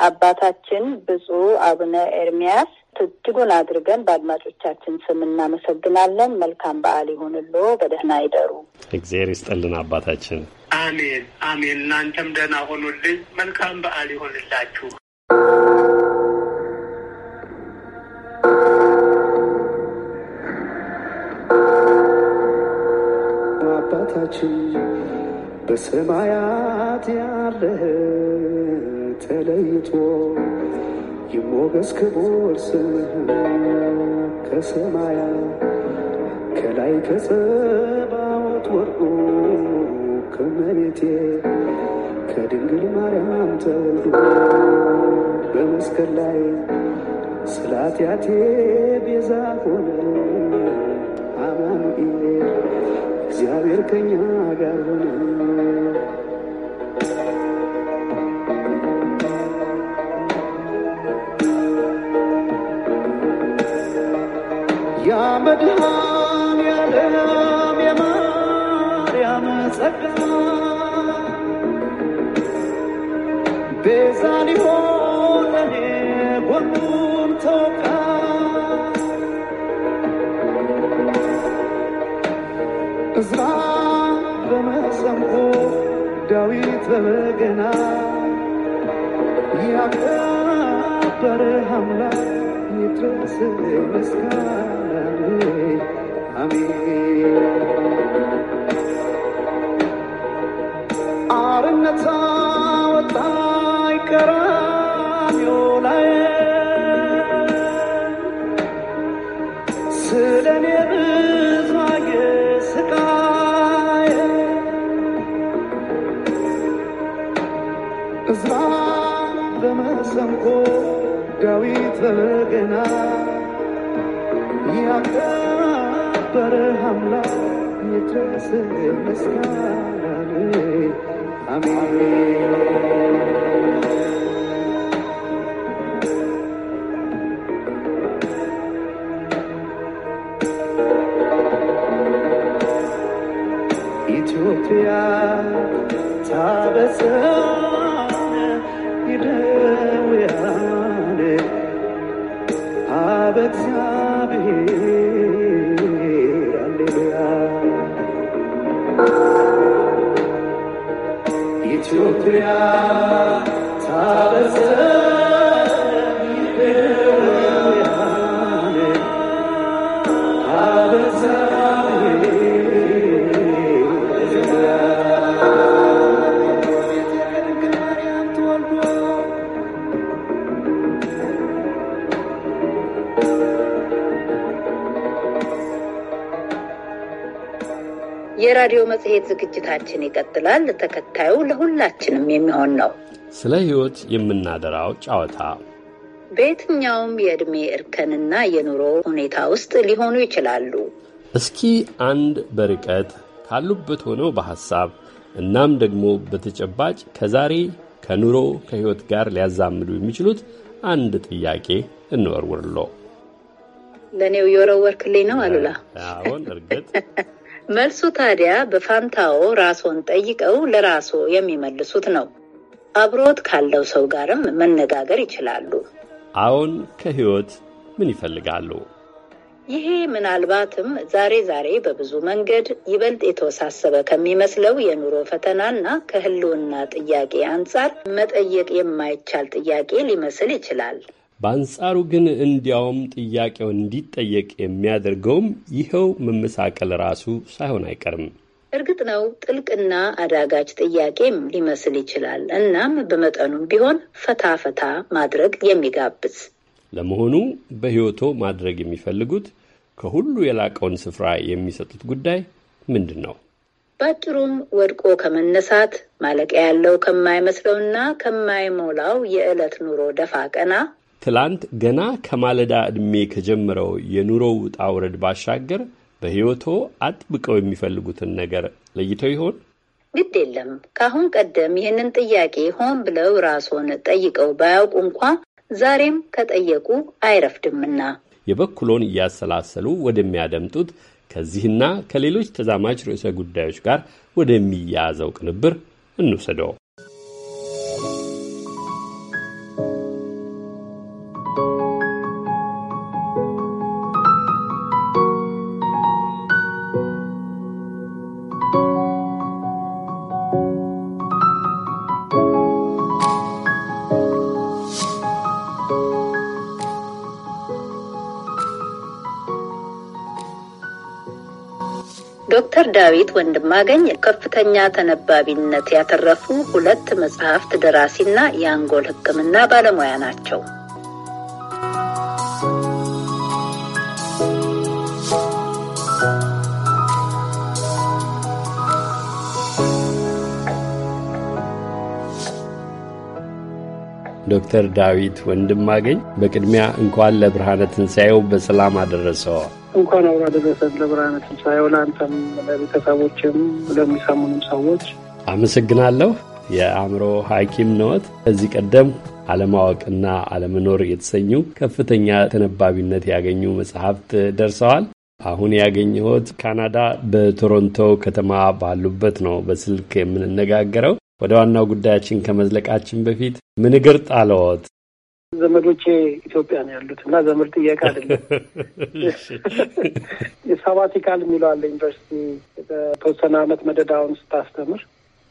አባታችን ብፁዕ አቡነ ኤርሚያስ እጅጉን አድርገን በአድማጮቻችን ስም እናመሰግናለን። መልካም በዓል ይሁንሎ። በደህና ይደሩ። እግዚአብሔር ይስጥልን አባታችን። አሜን አሜን። እናንተም ደህና ሆኑልኝ። መልካም በዓል ይሆንላችሁ። አምላካችን በሰማያት ያለህ ተለይቶ ይሞገስ ክቡር ስምህ ከሰማያ ከላይ ከጸባዖት ወርዶ ከመሬቴ ከድንግል ማርያም ተወልዶ በመስቀል ላይ ስለ ኃጢአቴ ቤዛ ሆነ አማኑኤል እግዚአብሔር ከኛ ጋር ሆነ። መድኃኔዓለም የማርያም ጸጋ ቤዛ ሊሆን ለኔ ተወቃ እዝራ በመሰንቆ ዳዊት በበገና ያከበረ አምላክ ይድረስ አርነት Tracy, Miss Carnaby, I mean, I mean, I mean. የራዲዮ መጽሔት ዝግጅታችን ይቀጥላል። ተከታዩ ለሁላችንም የሚሆን ነው። ስለ ሕይወት የምናደራው ጨዋታ በየትኛውም የዕድሜ እርከንና የኑሮ ሁኔታ ውስጥ ሊሆኑ ይችላሉ። እስኪ አንድ በርቀት ካሉበት ሆነው በሐሳብ እናም ደግሞ በተጨባጭ ከዛሬ ከኑሮ ከሕይወት ጋር ሊያዛምዱ የሚችሉት አንድ ጥያቄ እንወርውርሎ። ለእኔው የወረወርክልኝ ነው አሉላ። አዎን፣ እርግጥ መልሱ ታዲያ በፋንታዎ ራስዎን ጠይቀው ለራስዎ የሚመልሱት ነው። አብሮት ካለው ሰው ጋርም መነጋገር ይችላሉ። አዎን፣ ከሕይወት ምን ይፈልጋሉ? ይሄ ምናልባትም ዛሬ ዛሬ በብዙ መንገድ ይበልጥ የተወሳሰበ ከሚመስለው የኑሮ ፈተናና ከህልውና ጥያቄ አንጻር መጠየቅ የማይቻል ጥያቄ ሊመስል ይችላል። በአንጻሩ ግን እንዲያውም ጥያቄው እንዲጠየቅ የሚያደርገውም ይኸው መመሳቀል ራሱ ሳይሆን አይቀርም። እርግጥ ነው ጥልቅና አዳጋች ጥያቄም ሊመስል ይችላል። እናም በመጠኑም ቢሆን ፈታ ፈታ ማድረግ የሚጋብዝ ለመሆኑ በሕይወቶ ማድረግ የሚፈልጉት ከሁሉ የላቀውን ስፍራ የሚሰጡት ጉዳይ ምንድን ነው? ባጭሩም ወድቆ ከመነሳት ማለቂያ ያለው ከማይመስለውና ከማይሞላው የዕለት ኑሮ ደፋ ቀና ትላንት ገና ከማለዳ ዕድሜ ከጀመረው የኑሮ ውጣ ውረድ ባሻገር በሕይወቶ አጥብቀው የሚፈልጉትን ነገር ለይተው ይሆን? ግድ የለም። ከአሁን ቀደም ይህንን ጥያቄ ሆን ብለው ራስዎን ጠይቀው ባያውቁ እንኳ ዛሬም ከጠየቁ አይረፍድምና የበኩሎን እያሰላሰሉ ወደሚያደምጡት ከዚህና ከሌሎች ተዛማች ርዕሰ ጉዳዮች ጋር ወደሚያያዘው ቅንብር እንውሰደው። ዳዊት ወንድማገኝ ከፍተኛ ተነባቢነት ያተረፉ ሁለት መጽሐፍት ደራሲና የአንጎል ሕክምና ባለሙያ ናቸው። ዶክተር ዳዊት ወንድማገኝ በቅድሚያ እንኳን ለብርሃነ ትንሣኤው በሰላም አደረሰዋ። እንኳን አብሮ አደረሰን ለብርሃነ ትንሣኤው፣ ለአንተም፣ ለቤተሰቦችም፣ ለሚሰሙንም ሰዎች አመሰግናለሁ። የአእምሮ ሐኪም ነዎት። ከዚህ ቀደም አለማወቅና አለመኖር የተሰኙ ከፍተኛ ተነባቢነት ያገኙ መጽሐፍት ደርሰዋል። አሁን ያገኘሁት ካናዳ በቶሮንቶ ከተማ ባሉበት ነው በስልክ የምንነጋገረው። ወደ ዋናው ጉዳያችን ከመዝለቃችን በፊት ምን እግር ጣለዎት? ዘመዶቼ ኢትዮጵያ ነው ያሉት እና ዘመድ ጥየቃ አይደለም። <laughs> የሳባቲካል የሚለዋለ ዩኒቨርሲቲ በተወሰነ አመት መደዳውን ስታስተምር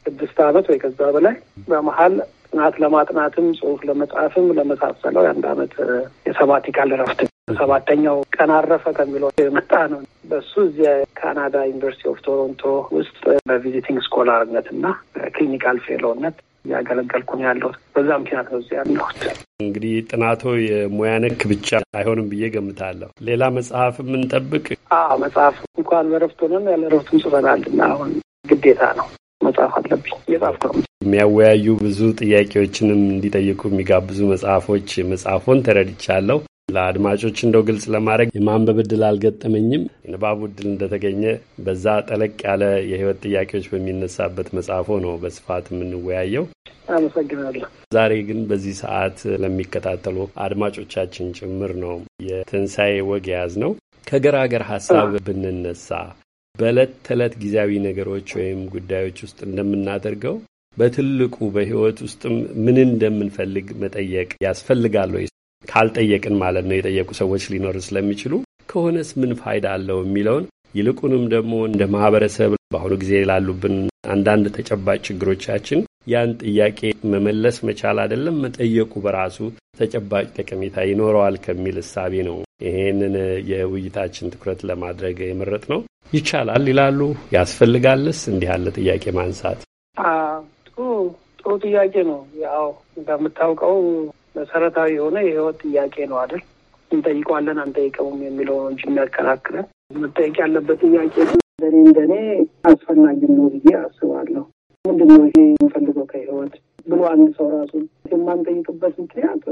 ስድስት አመት ወይ ከዛ በላይ በመሀል ጥናት ለማጥናትም ጽሁፍ ለመጻፍም ለመሳሰለው የአንድ አመት የሰባቲካል እረፍት ሰባተኛው ቀን አረፈ ከሚለው የመጣ ነው። በሱ እዚያ ካናዳ ዩኒቨርሲቲ ኦፍ ቶሮንቶ ውስጥ በቪዚቲንግ ስኮላርነት እና ክሊኒካል ፌሎነት እያገለገልኩ ነው ያለሁት። በዛ ምክንያት ነው እዚህ ያለሁት። እንግዲህ ጥናቶ የሙያ ነክ ብቻ አይሆንም ብዬ ገምታለሁ። ሌላ መጽሐፍ የምንጠብቅ? አዎ መጽሐፍ እንኳን በረፍት ሆነን ያለ ረፍት ጽፈናል እና አሁን ግዴታ ነው መጽሐፍ አለብኝ እየጻፍኩ ነው። የሚያወያዩ ብዙ ጥያቄዎችንም እንዲጠይቁ የሚጋብዙ መጽሐፎች መጽሐፎን ተረድቻለሁ። ለአድማጮች እንደው ግልጽ ለማድረግ የማንበብ እድል አልገጠመኝም። የንባብ እድል እንደተገኘ በዛ ጠለቅ ያለ የህይወት ጥያቄዎች በሚነሳበት መጽሐፎ ነው በስፋት የምንወያየው። አመሰግናለሁ። ዛሬ ግን በዚህ ሰዓት ለሚከታተሉ አድማጮቻችን ጭምር ነው የትንሣኤ ወግ የያዝ ነው። ከገራገር ሀሳብ ብንነሳ በዕለት ተዕለት ጊዜያዊ ነገሮች ወይም ጉዳዮች ውስጥ እንደምናደርገው በትልቁ በህይወት ውስጥም ምን እንደምንፈልግ መጠየቅ ያስፈልጋል ወይ? ካልጠየቅን ማለት ነው የጠየቁ ሰዎች ሊኖር ስለሚችሉ ከሆነስ ምን ፋይዳ አለው የሚለውን ይልቁንም ደግሞ እንደ ማህበረሰብ በአሁኑ ጊዜ ላሉብን አንዳንድ ተጨባጭ ችግሮቻችን ያን ጥያቄ መመለስ መቻል አይደለም መጠየቁ በራሱ ተጨባጭ ጠቀሜታ ይኖረዋል ከሚል እሳቤ ነው ይሄንን የውይይታችን ትኩረት ለማድረግ የመረጥ ነው። ይቻላል ይላሉ። ያስፈልጋልስ እንዲህ ያለ ጥያቄ ማንሳት? ጥሩ ጥሩ ጥያቄ ነው። ያው እንደምታውቀው መሰረታዊ የሆነ የህይወት ጥያቄ ነው አይደል? እንጠይቀዋለን አንጠይቀውም የሚለው ነው እንጂ የሚያከራክረን መጠየቅ ያለበት ጥያቄ እንደኔ እንደኔ አስፈላጊ ነው ብዬ አስባለሁ። ምንድን ነው ይሄ የምፈልገው ከህይወት ብሎ አንድ ሰው ራሱ የማንጠይቅበት ምክንያት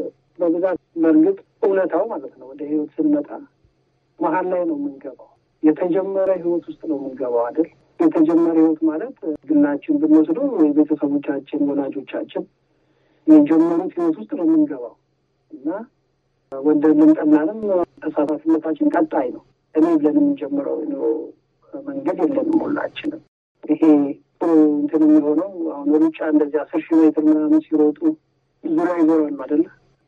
በብዛት በእርግጥ እውነታው ማለት ነው ወደ ህይወት ስንመጣ መሀል ላይ ነው የምንገባው። የተጀመረ ህይወት ውስጥ ነው የምንገባው አይደል? የተጀመረ ህይወት ማለት ግላችን ብንወስደው የቤተሰቦቻችን፣ ወላጆቻችን የጀመሩት ህይወት ውስጥ ነው የምንገባው እና ወደድንም ጠላንም ተሳታፊነታችን ቀጣይ ነው። እኔ ብለን የምንጀምረው መንገድ የለንም ሁላችንም። ይሄ ጥሩ እንትን የሚሆነው አሁን ሩጫ እንደዚህ አስር ሺህ ሜትር ምናምን ሲሮጡ ዙሪያ ይዞራሉ አይደለ?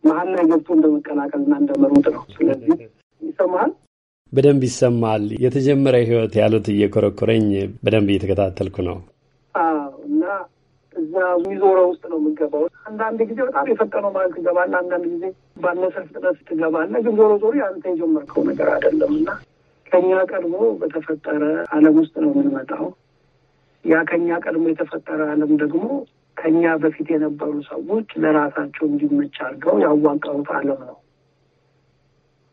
መሀል ላይ ገብቶ እንደመቀላቀልና እንደመሮጥ ነው። ስለዚህ ይሰማል በደንብ ይሰማል። የተጀመረ ህይወት ያሉት እየኮረኮረኝ በደንብ እየተከታተልኩ ነው። እዛ ዊዞረ ውስጥ ነው የምንገባው። አንዳንድ ጊዜ በጣም የፈጠነው ማለት ትገባለ አንዳንድ ጊዜ ባነሰ ፍጥነት ትገባለ ግን ዞሮ ዞሮ አንተ የጀመርከው ነገር አይደለም እና ከኛ ቀድሞ በተፈጠረ ዓለም ውስጥ ነው የምንመጣው። ያ ከኛ ቀድሞ የተፈጠረ ዓለም ደግሞ ከኛ በፊት የነበሩ ሰዎች ለራሳቸው እንዲመች አድርገው ያዋቀሩት ዓለም ነው።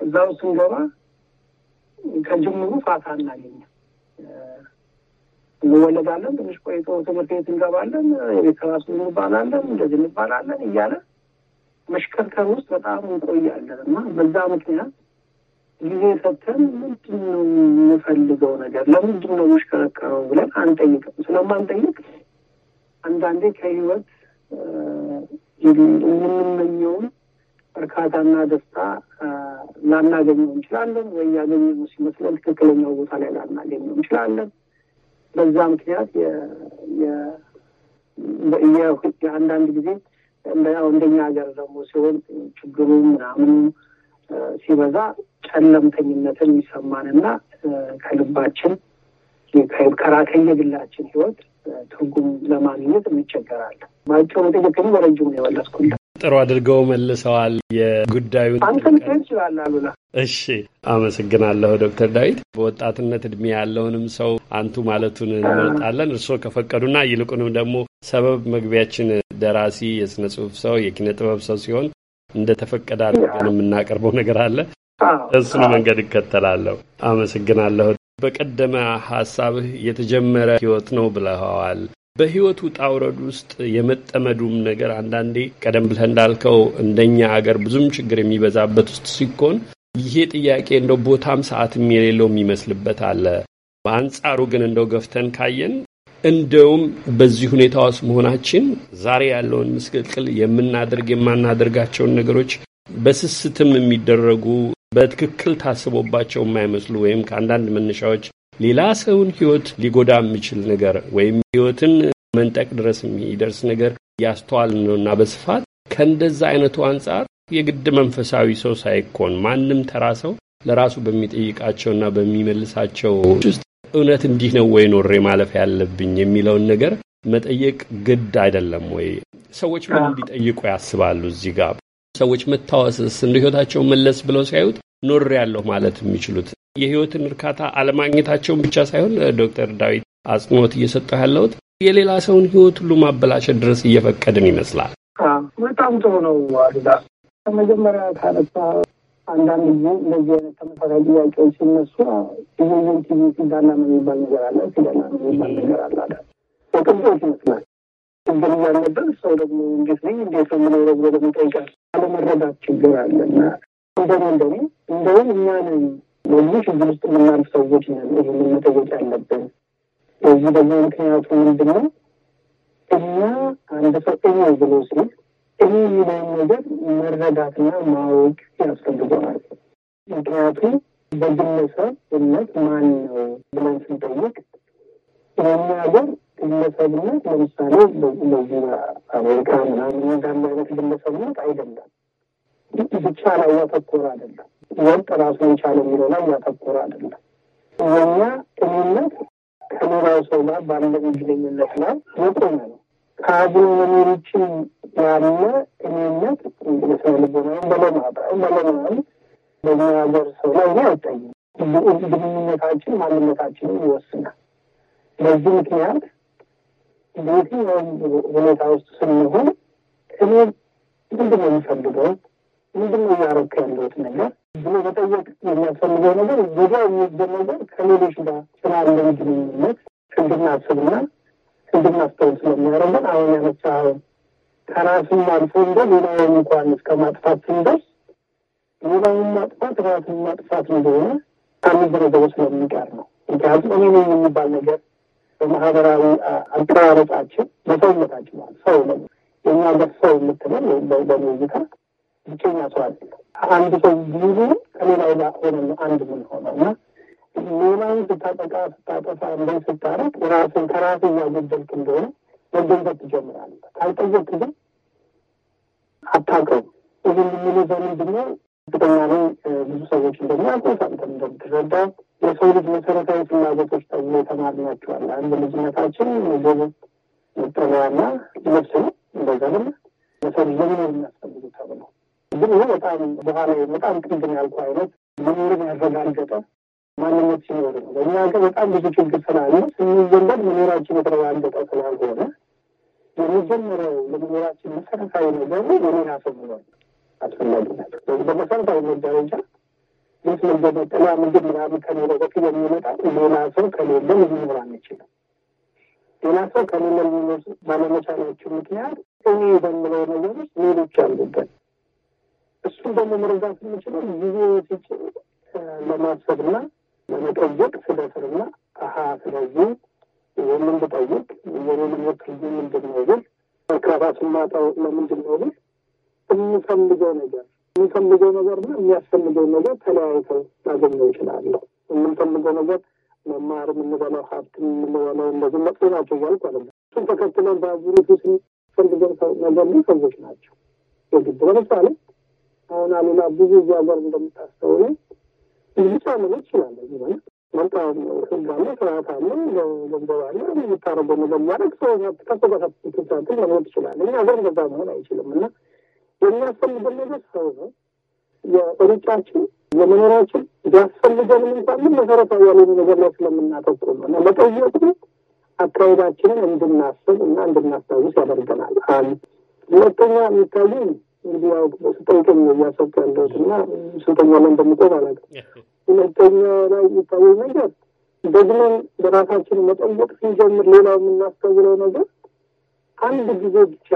እዛ ውስጥ ስንገባ ከጅምሩ ፋታ እናገኛል። እንወለዳለን፣ ትንሽ ቆይቶ ትምህርት ቤት እንገባለን፣ የቤተሰብ እንባላለን፣ እንደዚህ እንባላለን እያለ መሽከርከር ውስጥ በጣም እንቆያለን እና በዛ ምክንያት ጊዜ ሰጥተን ምንድን ነው የምፈልገው ነገር ለምንድን ነው የምሽከረከረው ብለን አንጠይቅም። ስለማንጠይቅ አንዳንዴ ከህይወት የምንመኘውን እርካታና ደስታ ላናገኘው እንችላለን፣ ወይ ያገኘ ሲመስለን ትክክለኛው ቦታ ላይ ላናገኘው እንችላለን። በዛ ምክንያት አንዳንድ ጊዜ እንደኛ ሀገር ደግሞ ሲሆን ችግሩ ምናምኑ ሲበዛ ጨለምተኝነትን ይሰማን ይሰማንና ከልባችን ከራከየግላችን ህይወት ትርጉም ለማግኘት እንቸገራለን። በአጭሩ ጥያቄ በረጅሙ ነው የመለስኩት። ጥሩ አድርገው መልሰዋል። የጉዳዩን አንተም ይችላል አሉላ። እሺ አመሰግናለሁ ዶክተር ዳዊት። በወጣትነት እድሜ ያለውንም ሰው አንቱ ማለቱን እንመርጣለን እርስዎ ከፈቀዱና ይልቁንም ደግሞ ሰበብ መግቢያችን ደራሲ፣ የስነ ጽሁፍ ሰው፣ የኪነ ጥበብ ሰው ሲሆን እንደተፈቀደ አድርገን የምናቀርበው ነገር አለ። እሱን መንገድ እከተላለሁ። አመሰግናለሁ። በቀደመ ሀሳብህ የተጀመረ ህይወት ነው ብለኸዋል። በህይወቱ ጣውረድ ውስጥ የመጠመዱም ነገር አንዳንዴ ቀደም ብለህ እንዳልከው እንደኛ አገር ብዙም ችግር የሚበዛበት ውስጥ ሲኮን ይሄ ጥያቄ እንደው ቦታም ሰዓትም የሌለው የሚመስልበት አለ። በአንጻሩ ግን እንደው ገፍተን ካየን እንደውም በዚህ ሁኔታ ውስጥ መሆናችን ዛሬ ያለውን ምስቅልቅል የምናደርግ የማናደርጋቸውን ነገሮች በስስትም የሚደረጉ በትክክል ታስቦባቸው የማይመስሉ ወይም ከአንዳንድ መነሻዎች ሌላ ሰውን ህይወት ሊጎዳ የሚችል ነገር ወይም ህይወትን መንጠቅ ድረስ የሚደርስ ነገር ያስተዋል እና በስፋት ከእንደዛ አይነቱ አንጻር የግድ መንፈሳዊ ሰው ሳይኮን ማንም ተራ ሰው ለራሱ በሚጠይቃቸውና በሚመልሳቸው ውስጥ እውነት እንዲህ ነው ወይ ኖሬ ማለፍ ያለብኝ የሚለውን ነገር መጠየቅ ግድ አይደለም ወይ? ሰዎች ምን እንዲጠይቁ ያስባሉ? እዚህ ጋር ሰዎች መታወስስ እንደ ህይወታቸው መለስ ብለው ሲያዩት ኖሬ ያለሁ ማለት የሚችሉት የህይወትን እርካታ አለማግኘታቸውን ብቻ ሳይሆን ዶክተር ዳዊት አጽንኦት እየሰጠው ያለሁት የሌላ ሰውን ህይወት ሁሉ ማበላሸት ድረስ እየፈቀድን ይመስላል። በጣም ጥሩ ነው አሉላ። ከመጀመሪያ ካነሳ አንዳንድ ጊዜ እንደዚህ አይነት ተመሳሳይ ጥያቄዎች ሲነሱ ጊዜን ጊዜ ሲዳና ነው የሚባል ነገር አለ፣ ሲዳና ነው የሚባል ነገር አለ። አዳ በቅርቦት ይመስላል ችግር እያለበት ሰው ደግሞ እንዴት ነኝ እንዴት ነው የምኖረው ብሎ ደግሞ ይጠይቃል። አለመረዳት ችግር አለ እና እንደኔ እንደኔ እንደውም እኛ ነን በዚህ ችግር ውስጥ የምናልፍ ሰዎች ነን። ይህን መጠየቅ አለብን። በዚህ ደግሞ ምክንያቱ ምንድን ነው? እኛ አንድ ሰው እኛ ብሎ ሲል እኔ የሚለውን ነገር መረዳትና ማወቅ ያስፈልገናል። ምክንያቱም በግለሰብ እምነት ማን ነው ብለን ስንጠይቅ የኛ ሀገር ግለሰብነት ለምሳሌ በዚህ አሜሪካ ምናምን እንዳለ አይነት ግለሰብነት አይደለም፣ ብቻ ላይ ያተኮረ አይደለም። ወጥ ራሱን የቻለ የሚለው ላይ ያተኮረ አይደለም። የኛ እኔነት ከሌላው ሰው ጋር ባለው ግንኙነት ላይ የቆመ ነው። ከአብሮን ውጭ ያለ እኔነት እንግዲህ ስነ ልቦናን በለማበለማል በኛ ሀገር ሰው ላይ እኔ አይጠይም። ግንኙነታችን ማንነታችንን ይወስናል። በዚህ ምክንያት በየትኛውም ሁኔታ ውስጥ ስንሆን እኔ ምንድን ነው የሚፈልገው ምንድን ነው እያረኩ ያለሁት ነገር ብሎ መጠየቅ የሚያስፈልገው ነገር ዜጋ የሚወስደን ነገር ከሌሎች ጋር ስላለን ግንኙነት እንድናስብና እንድናስተውል ስለሚያደርገን አሁን ያነሳው ከራስም አልፎ እንደ ሌላውን እንኳን እስከ ማጥፋት ስንደርስ ሌላውን ማጥፋት ራስን ማጥፋት እንደሆነ ከሚደረገው ስለሚቀር ነው። ምክንያቱም እኔ ነኝ የሚባል ነገር በማህበራዊ አቀራረጻችን በሰውነታችን ሰው ነው የሚያገር ሰው የምትለን ወይም በሙዚቃ ብቸኛ ሰው አይደለም። አንድ ሰው ብዙ ከሌላው ጋር ሆነ አንድ ምን ሆነው እና ሌላውን ስታጠቃ ስታጠፋ፣ እንደ ስታረቅ ራስን ከራስ እያጎደልክ እንደሆነ መገንዘብ ትጀምራለህ። ካልጠየቅ ግን አታውቀውም። ይህን የምንዘው ምንድነው እርግጠኛ ላይ ብዙ ሰዎች እንደሚያውቁት አንተም እንደምትረዳው የሰው ልጅ መሰረታዊ ፍላጎቶች ተብሎ የተማርናቸው አንድ ልጅነታችን ምግብ፣ መጠለያና ልብስ ነው። እንደዛ ደግሞ ለሰው ልጅ የሚያስፈልጉ ተብለው ግን ይህ በጣም በኋላ በጣም ቅድም ያልኩ አይነት መኖርን ያረጋገጠ ማንነት ሲኖር ነው። በእኛ ሀገር በጣም ብዙ ችግር ስላለ ስንዘንበል መኖራችን የተረጋገጠ ስላልሆነ የመጀመሪያው ለመኖራችን መሰረታዊ ነገር የሌላ ሰው መኖር አስፈላጊነት በመሰረታዊነት ደረጃ ቤት መገመት ምግብ ምናምን ከሌለው በፊት የሚመጣ ሌላ ሰው ከሌለ ልንኖር አንችልም። ሌላ ሰው ከሌለ ልንኖር ባለመቻላቸው ምክንያት እኔ በምለው ነገር ውስጥ ሌሎች አሉበት እሱ ደግሞ መረዳት የምችለው ጊዜ ለማሰብ ለማሰብና ለመጠየቅ ስለስርና አሀ ስለዚህ ይህንን ብጠይቅ የኔን ወክል ምንድን ነው ብል ከራስ ማጣው ለምንድን ነው ብል የምፈልገው ነገር የምፈልገው ነገርና የሚያስፈልገው ነገር ተለያይተው ላገኘው ይችላለሁ። የምንፈልገው ነገር መማር፣ የምንበላው ሀብት፣ የምንበላው እንደዚህ መጥፎ ናቸው እያልኩ አይደለም። እሱን ተከትለን በአዙሪቱ ስንፈልገው ነገር ግን ሰዎች ናቸው የግድ ለምሳሌ አሁን አሉላ ብዙ ጓጓር እንደምታስተውለው ልጫ ምን ይችላለ ማለት መምጣት ነው። ህግ አለ፣ ስርዓት አለ፣ ገንዘብ አለ። የምታረገው ነገር ማድረግ ሰው ጋር ለመሆን ትችላለ። እኛ ሀገር እንደዛ መሆን አይችልም እና የሚያስፈልገን ነገር ሰው ነው። የሩጫችን የመኖራችን ያስፈልገንም እንኳን መሰረታዊ ያልሆኑ ነገር ላይ ስለምናተኩር ነው እና መጠየቁ አካሄዳችንን እንድናስብ እና እንድናስታውስ ያደርገናል። አንድ ሁለተኛ የሚታየኝ እንግዲህ ያው ስጠይቀኝ እያሰብኩ ያለሁት እና ስንተኛ ላይ እንደምቆም አላውቅም። ሁለተኛ ላይ ነገር በራሳችን መጠየቅ ስንጀምር ሌላው የምናስተውለው ነገር አንድ ጊዜ ብቻ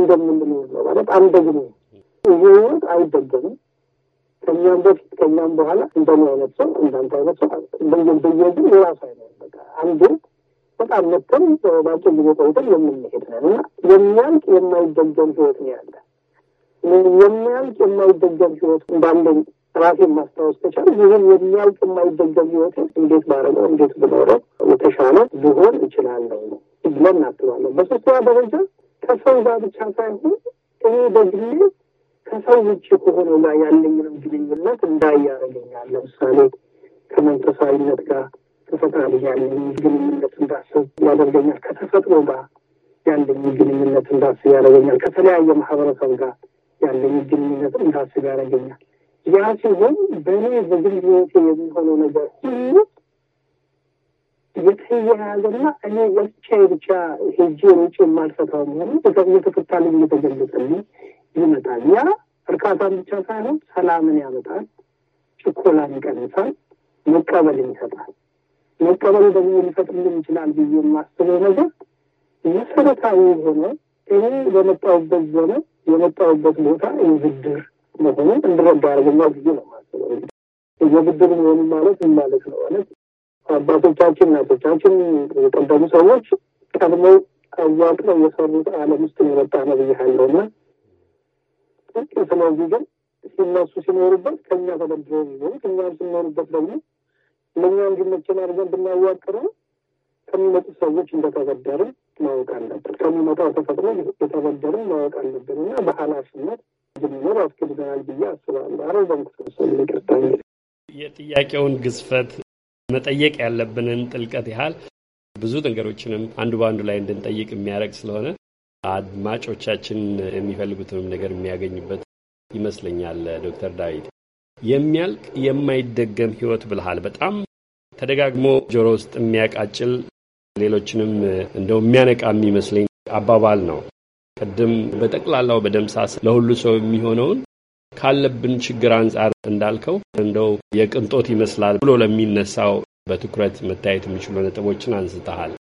እንደምንኖር ነው። ማለት አንድ ጊዜ ይህ ህይወት አይደገምም። ከኛም በፊት ከኛም በኋላ እንደኔ አይነት ሰው እንዳንተ አይነት ሰው ግን የራሱ አይነት በቃ አንዱ በጣም መተን በአጭር ጊዜ ቆይተን የምንሄድ ነን እና የሚያልቅ የማይደገም ህይወት ነው ያለ የሚያልቅ የማይደገም ህይወት እንዳለኝ ራሴን ማስታወስ ተቻለ። ይህን የሚያልቅ የማይደገም ህይወት እንዴት ባረገው እንዴት ብኖረው የተሻለ ሊሆን ይችላለሁ ነው ብለን እናስባለን። በሶስተኛ ደረጃ ከሰው ጋር ብቻ ሳይሆን እኔ በግሌ ከሰው ውጭ ከሆነ ጋር ያለኝንም ግንኙነት እንዳያረገኛል። ለምሳሌ ከመንፈሳዊነት ጋር ከፈጣሪ ያለኝ ግንኙነት እንዳስብ ያደርገኛል። ከተፈጥሮ ጋር ያለኝ ግንኙነት እንዳስብ ያደርገኛል። ከተለያየ ማህበረሰብ ጋር ያለኝ ግንኙነት ጋር ያገኛል። ያ ሲሆን በእኔ በግል ሕይወቴ የሚሆነው ነገር ሁሉ የተያያዘና እኔ ወጥቼ ብቻ ሄጄ ውጭ የማልፈታው መሆኑ እየተፈታልኝ እየተገለጠልኝ ይመጣል። ያ እርካታን ብቻ ሳይሆን ሰላምን ያመጣል፣ ችኮላን ይቀንሳል፣ መቀበልን ይሰጣል። መቀበል ደግሞ ሊፈጥልን ይችላል ብዬ የማስበው ነገር መሰረታዊ የሆነ እኔ በመጣሁበት ዘመን የመጣሁበት ቦታ የውድድር መሆኑን እንድረዳ አርገኛ ጊዜ ነው ማለት ነው። የውድድር መሆኑ ማለት ምን ማለት ነው ማለት አባቶቻችን እናቶቻችን የቀደሙ ሰዎች ቀድመው አዋቅነው የሰሩት ዓለም ውስጥ የመጣ ነው ብያለሁ እና ስለዚህ ግን እነሱ ሲኖሩበት ከኛ ተበድረው የሚኖሩት እኛም ስንኖሩበት ደግሞ ለእኛ እንዲመችን አድርገን ብናዋቅረው ከሚመጡት ሰዎች እንደተበደርን ማወቅ አለብን። ከሚመጣው ተፈጥሮ የተበደርን ማወቅ አለብን እና በኃላፊነት ጅምር አስገድደናል ብዬ አስባለሁ። አረ በምክሰሰ የጥያቄውን ግዝፈት መጠየቅ ያለብንን ጥልቀት ያህል ብዙ ነገሮችንም አንዱ በአንዱ ላይ እንድንጠይቅ የሚያደርግ ስለሆነ አድማጮቻችን የሚፈልጉትንም ነገር የሚያገኙበት ይመስለኛል። ዶክተር ዳዊት የሚያልቅ የማይደገም ህይወት ብልሃል በጣም ተደጋግሞ ጆሮ ውስጥ የሚያቃጭል ሌሎችንም እንደው የሚያነቃ የሚመስለኝ አባባል ነው። ቅድም በጠቅላላው በደምሳስ ለሁሉ ሰው የሚሆነውን ካለብን ችግር አንጻር እንዳልከው እንደው የቅንጦት ይመስላል ብሎ ለሚነሳው በትኩረት መታየት የሚችሉ ነጥቦችን አንስተሃል።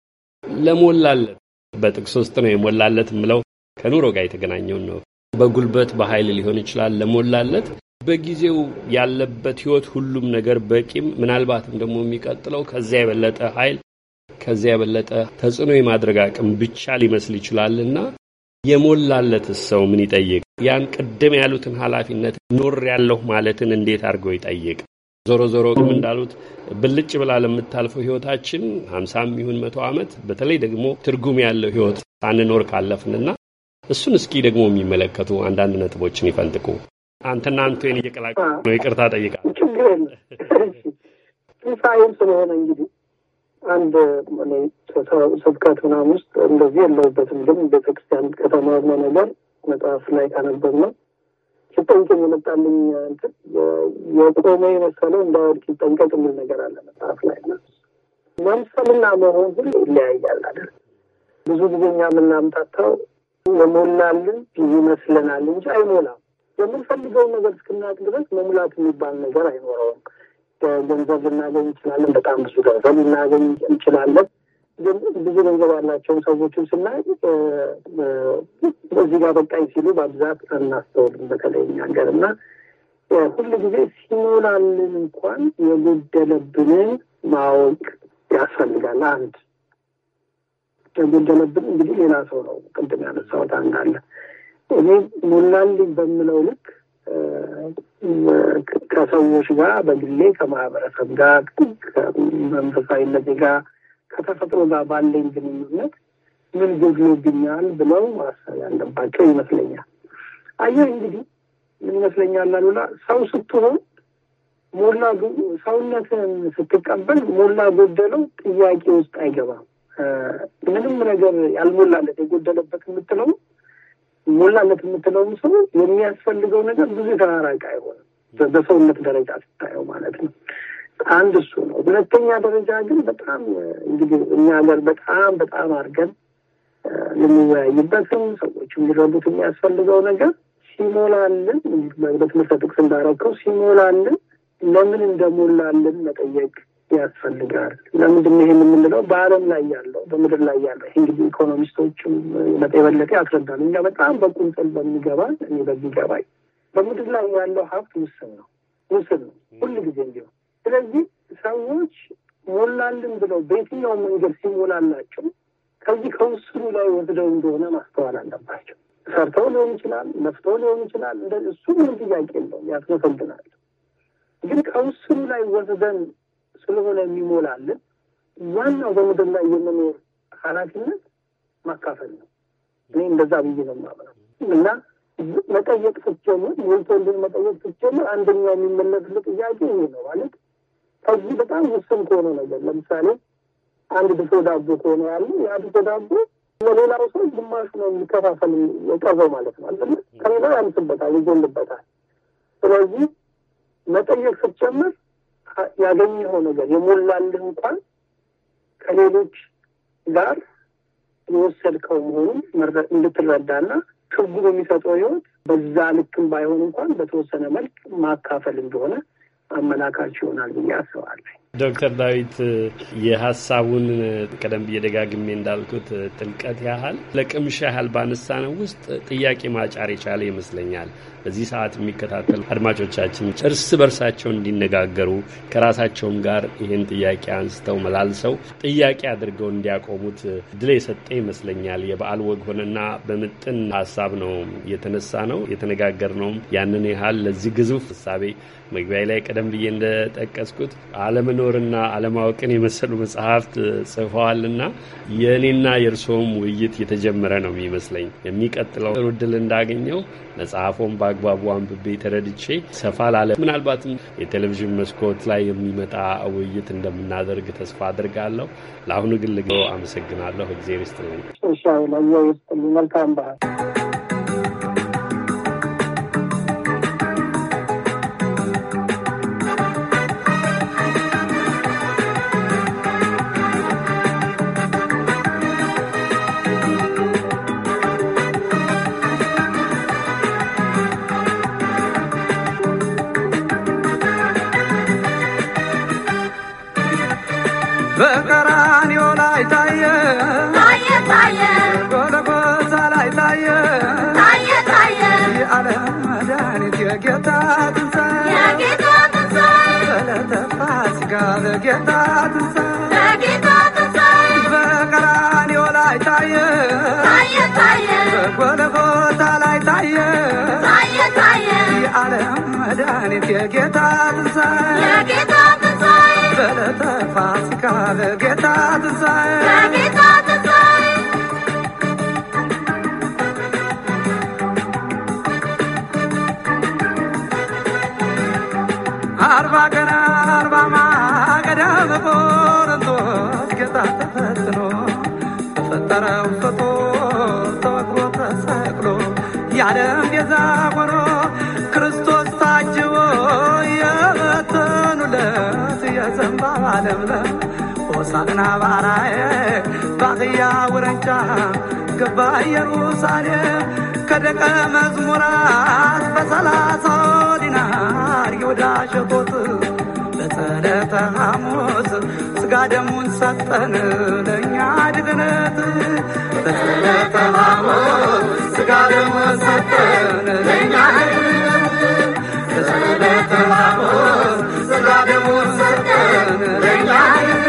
ለሞላለት በጥቅስ ውስጥ ነው የሞላለት ምለው ከኑሮ ጋር የተገናኘውን ነው። በጉልበት በኃይል ሊሆን ይችላል። ለሞላለት በጊዜው ያለበት ህይወት ሁሉም ነገር በቂም፣ ምናልባትም ደግሞ የሚቀጥለው ከዚያ የበለጠ ኃይል ከዚያ የበለጠ ተጽዕኖ የማድረግ አቅም ብቻ ሊመስል ይችላልና የሞላለት ሰው ምን ይጠይቅ? ያን ቅድም ያሉትን ኃላፊነት ኖር ያለሁ ማለትን እንዴት አድርገው ይጠይቅ? ዞሮ ዞሮ ግን እንዳሉት ብልጭ ብላ ለምታልፈው ህይወታችን ሀምሳም ይሁን መቶ ዓመት በተለይ ደግሞ ትርጉም ያለው ህይወት ሳንኖር ካለፍንና እሱን እስኪ ደግሞ የሚመለከቱ አንዳንድ ነጥቦችን ይፈንጥቁ። አንተና አንቶን እየቀላቀሉ ነው። ይቅርታ ጠይቃል ትንሣኤም ስለሆነ እንግዲህ አንድ ስብከት ምናምን ውስጥ እንደዚህ የለውበትም። ግን ቤተክርስቲያን ከተማርነው ነገር መጽሐፍ ላይ ካነበብ ነው ሲጠንቅም የመጣልኝ እንትን የቆመ የመሰለው እንዳይወድቅ ይጠንቀቅ የሚል ነገር አለ መጽሐፍ ላይ መምሰልና መሆን ሁሉ ይለያያል አይደል? ብዙ ጊዜ እኛ የምናምታታው የሞላልን ይመስለናል እንጂ አይሞላም። የምንፈልገውን ነገር እስክናቅ ድረስ መሙላት የሚባል ነገር አይኖረውም። ገንዘብ ልናገኝ እንችላለን። በጣም ብዙ ገንዘብ ልናገኝ እንችላለን። ግን ብዙ ገንዘብ ያላቸውን ሰዎችም ስናይ እዚህ ጋር በቃኝ ሲሉ በብዛት እናስተውልም። በተለይ እኛ ሀገር እና ሁሉ ጊዜ ሲሞላልን እንኳን የጎደለብንን ማወቅ ያስፈልጋል። አንድ የጎደለብን እንግዲህ ሌላ ሰው ነው። ቅድም ያነሳሁት አንድ አለ እኔ ሞላልኝ በምለው ልክ ከሰዎች ጋር በግሌ ከማህበረሰብ ጋር ከመንፈሳዊነት ጋር ከተፈጥሮ ጋር ባለኝ ግንኙነት ምን ጎድሎብኛል ብለው ማሰብ ያለባቸው ይመስለኛል። አየህ እንግዲህ ምን ይመስለኛል አሉላ ሰው ስትሆን ሞላ ሰውነትን ስትቀበል ሞላ ጎደለው ጥያቄ ውስጥ አይገባም። ምንም ነገር ያልሞላለት የጎደለበት የምትለው ሞላለት የምትለው ምስሉ የሚያስፈልገው ነገር ብዙ የተራራቀ አይሆንም፣ በሰውነት ደረጃ ስታየው ማለት ነው። አንድ እሱ ነው። ሁለተኛ ደረጃ ግን በጣም እንግዲህ እኛ ሀገር በጣም በጣም አድርገን የምንወያይበትም ሰዎች እንዲረዱት የሚያስፈልገው ነገር ሲሞላልን በትምህርት ጥቅስ እንዳረከው ሲሞላልን ለምን እንደሞላልን መጠየቅ ያስፈልጋል። ለምንድን ነው ይሄ የምንለው? በዓለም ላይ ያለው በምድር ላይ ያለው እንግዲህ ኢኮኖሚስቶችም የበለጠ ያስረዳሉ። እኛ በጣም በቁንጥል በሚገባን እኔ በሚገባኝ በምድር ላይ ያለው ሀብት ውስን ነው፣ ውስን ነው ሁሉ ጊዜ እንዲሆን። ስለዚህ ሰዎች ሞላልን ብለው በየትኛው መንገድ ሲሞላላቸው ከዚህ ከውስኑ ላይ ወስደው እንደሆነ ማስተዋል አለባቸው። ሰርተው ሊሆን ይችላል፣ ነፍተው ሊሆን ይችላል። እሱ ምን ጥያቄ የለውም፣ ያስመሰግናል። ግን ከውስኑ ላይ ወስደን ስለሆነ የሚሞላልን ዋናው በምድር ላይ የመኖር ኃላፊነት ማካፈል ነው። እኔ እንደዛ ብዬ ነው የማምነው እና መጠየቅ ስትጀምር ወልቶልን መጠየቅ ስትጀምር አንደኛው የሚመለስልህ ጥያቄ ይሄ ነው ማለት ከዚህ በጣም ውስን ከሆነ ነገር ለምሳሌ አንድ ድፎ ዳቦ ከሆነ ያለ ያ ድፎ ዳቦ ለሌላው ሰው ግማሽ ነው የሚከፋፈል የቀረው ማለት ነው አለ ከሌላው ያንስበታል፣ ይጎልበታል። ስለዚህ መጠየቅ ስትጀምር ያገኘኸው ነገር የሞላልህ እንኳን ከሌሎች ጋር የወሰድከው መሆኑን እንድትረዳና ትርጉም የሚሰጠው ህይወት በዛ ልክም ባይሆን እንኳን በተወሰነ መልክ ማካፈል እንደሆነ አመላካች ይሆናል ብዬ አስባለሁ። ዶክተር ዳዊት የሀሳቡን ቀደም ብዬ ደጋግሜ እንዳልኩት ጥልቀት ያህል ለቅምሻ ያህል ባነሳነው ውስጥ ጥያቄ ማጫር የቻለ ይመስለኛል። በዚህ ሰዓት የሚከታተሉ አድማጮቻችን እርስ በርሳቸው እንዲነጋገሩ ከራሳቸውም ጋር ይህን ጥያቄ አንስተው መላልሰው ጥያቄ አድርገው እንዲያቆሙት ድል የሰጠ ይመስለኛል። የበዓል ወግ ሆነና በምጥን ሀሳብ ነው የተነሳ ነው የተነጋገር ነውም ያንን ያህል ለዚህ ግዙፍ ሳቤ መግቢያ ላይ ቀደም ብዬ እንደጠቀስኩት አለመኖርና አለማወቅን የመሰሉ መጽሐፍት ጽፈዋልና የእኔና የእርስዎም ውይይት የተጀመረ ነው የሚመስለኝ። የሚቀጥለው ጥሩ እንዳገኘው መጽሐፎን በአግባቡ አንብቤ ተረድቼ ሰፋ ላለ ምናልባትም የቴሌቪዥን መስኮት ላይ የሚመጣ ውይይት እንደምናደርግ ተስፋ አድርጋለሁ። ለአሁኑ ግን ልግ አመሰግናለሁ። እግዜር ይስጥልኝ። መልካም ባህል Vaka በጌታ ትንሣኤ አርባ ቀን አርባ ማገዳ በቆሮንቶስ ጌታ ተፈትኖ ተፈጠረው ፈቶ ተወቅሮ ተሰቅሎ የዓለም ቤዛ ሆኖ ክርስቶስ ታጅቦ የበተኑለት የዘንባባ ለምለም ሆሳዕና ባራዬ ባትያ ውረንጫ ገባ ኢየሩሳሌም ከደቀ መዝሙራት በሰላሳ ዲናር ይሁዳ ሸጦት በጸለተ ሐሙስ ስጋ ደሙን ሰጠን ለእኛ ድግነት በጸለተ ሐሙስ ስጋ ደሙን ሰጠን ለእኛ ድግነት በጸለተ ሐሙስ ስጋ ደሙን ሰጠን ለእኛ ድግነት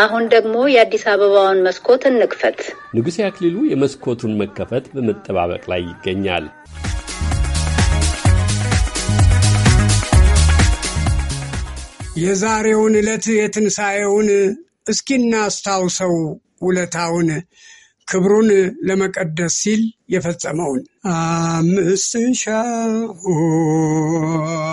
አሁን ደግሞ የአዲስ አበባውን መስኮት እንክፈት። ንጉሴ አክሊሉ የመስኮቱን መከፈት በመጠባበቅ ላይ ይገኛል። የዛሬውን ዕለት የትንሣኤውን እስኪ እናስታውሰው ውለታውን ክብሩን ለመቀደስ ሲል የፈጸመውን አምስት ሺህ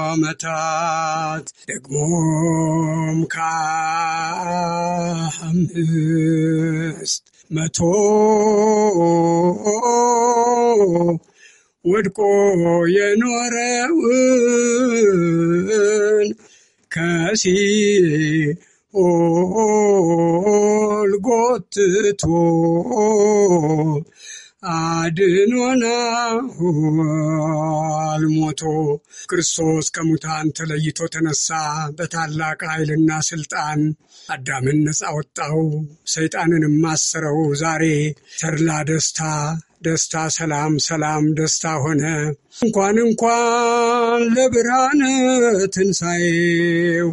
ዓመታት ደግሞም ከአምስት መቶ ወድቆ የኖረውን ከሲኦል ጎትቶ አድኖናል። ሞቶ ክርስቶስ ከሙታን ተለይቶ ተነሳ በታላቅ ኃይልና ስልጣን። አዳምን ነፃ አወጣው፣ ሰይጣንንም አሰረው። ዛሬ ተድላ ደስታ ደስታ ሰላም ሰላም ደስታ ሆነ። እንኳን እንኳን ለብርሃነ ትንሣኤው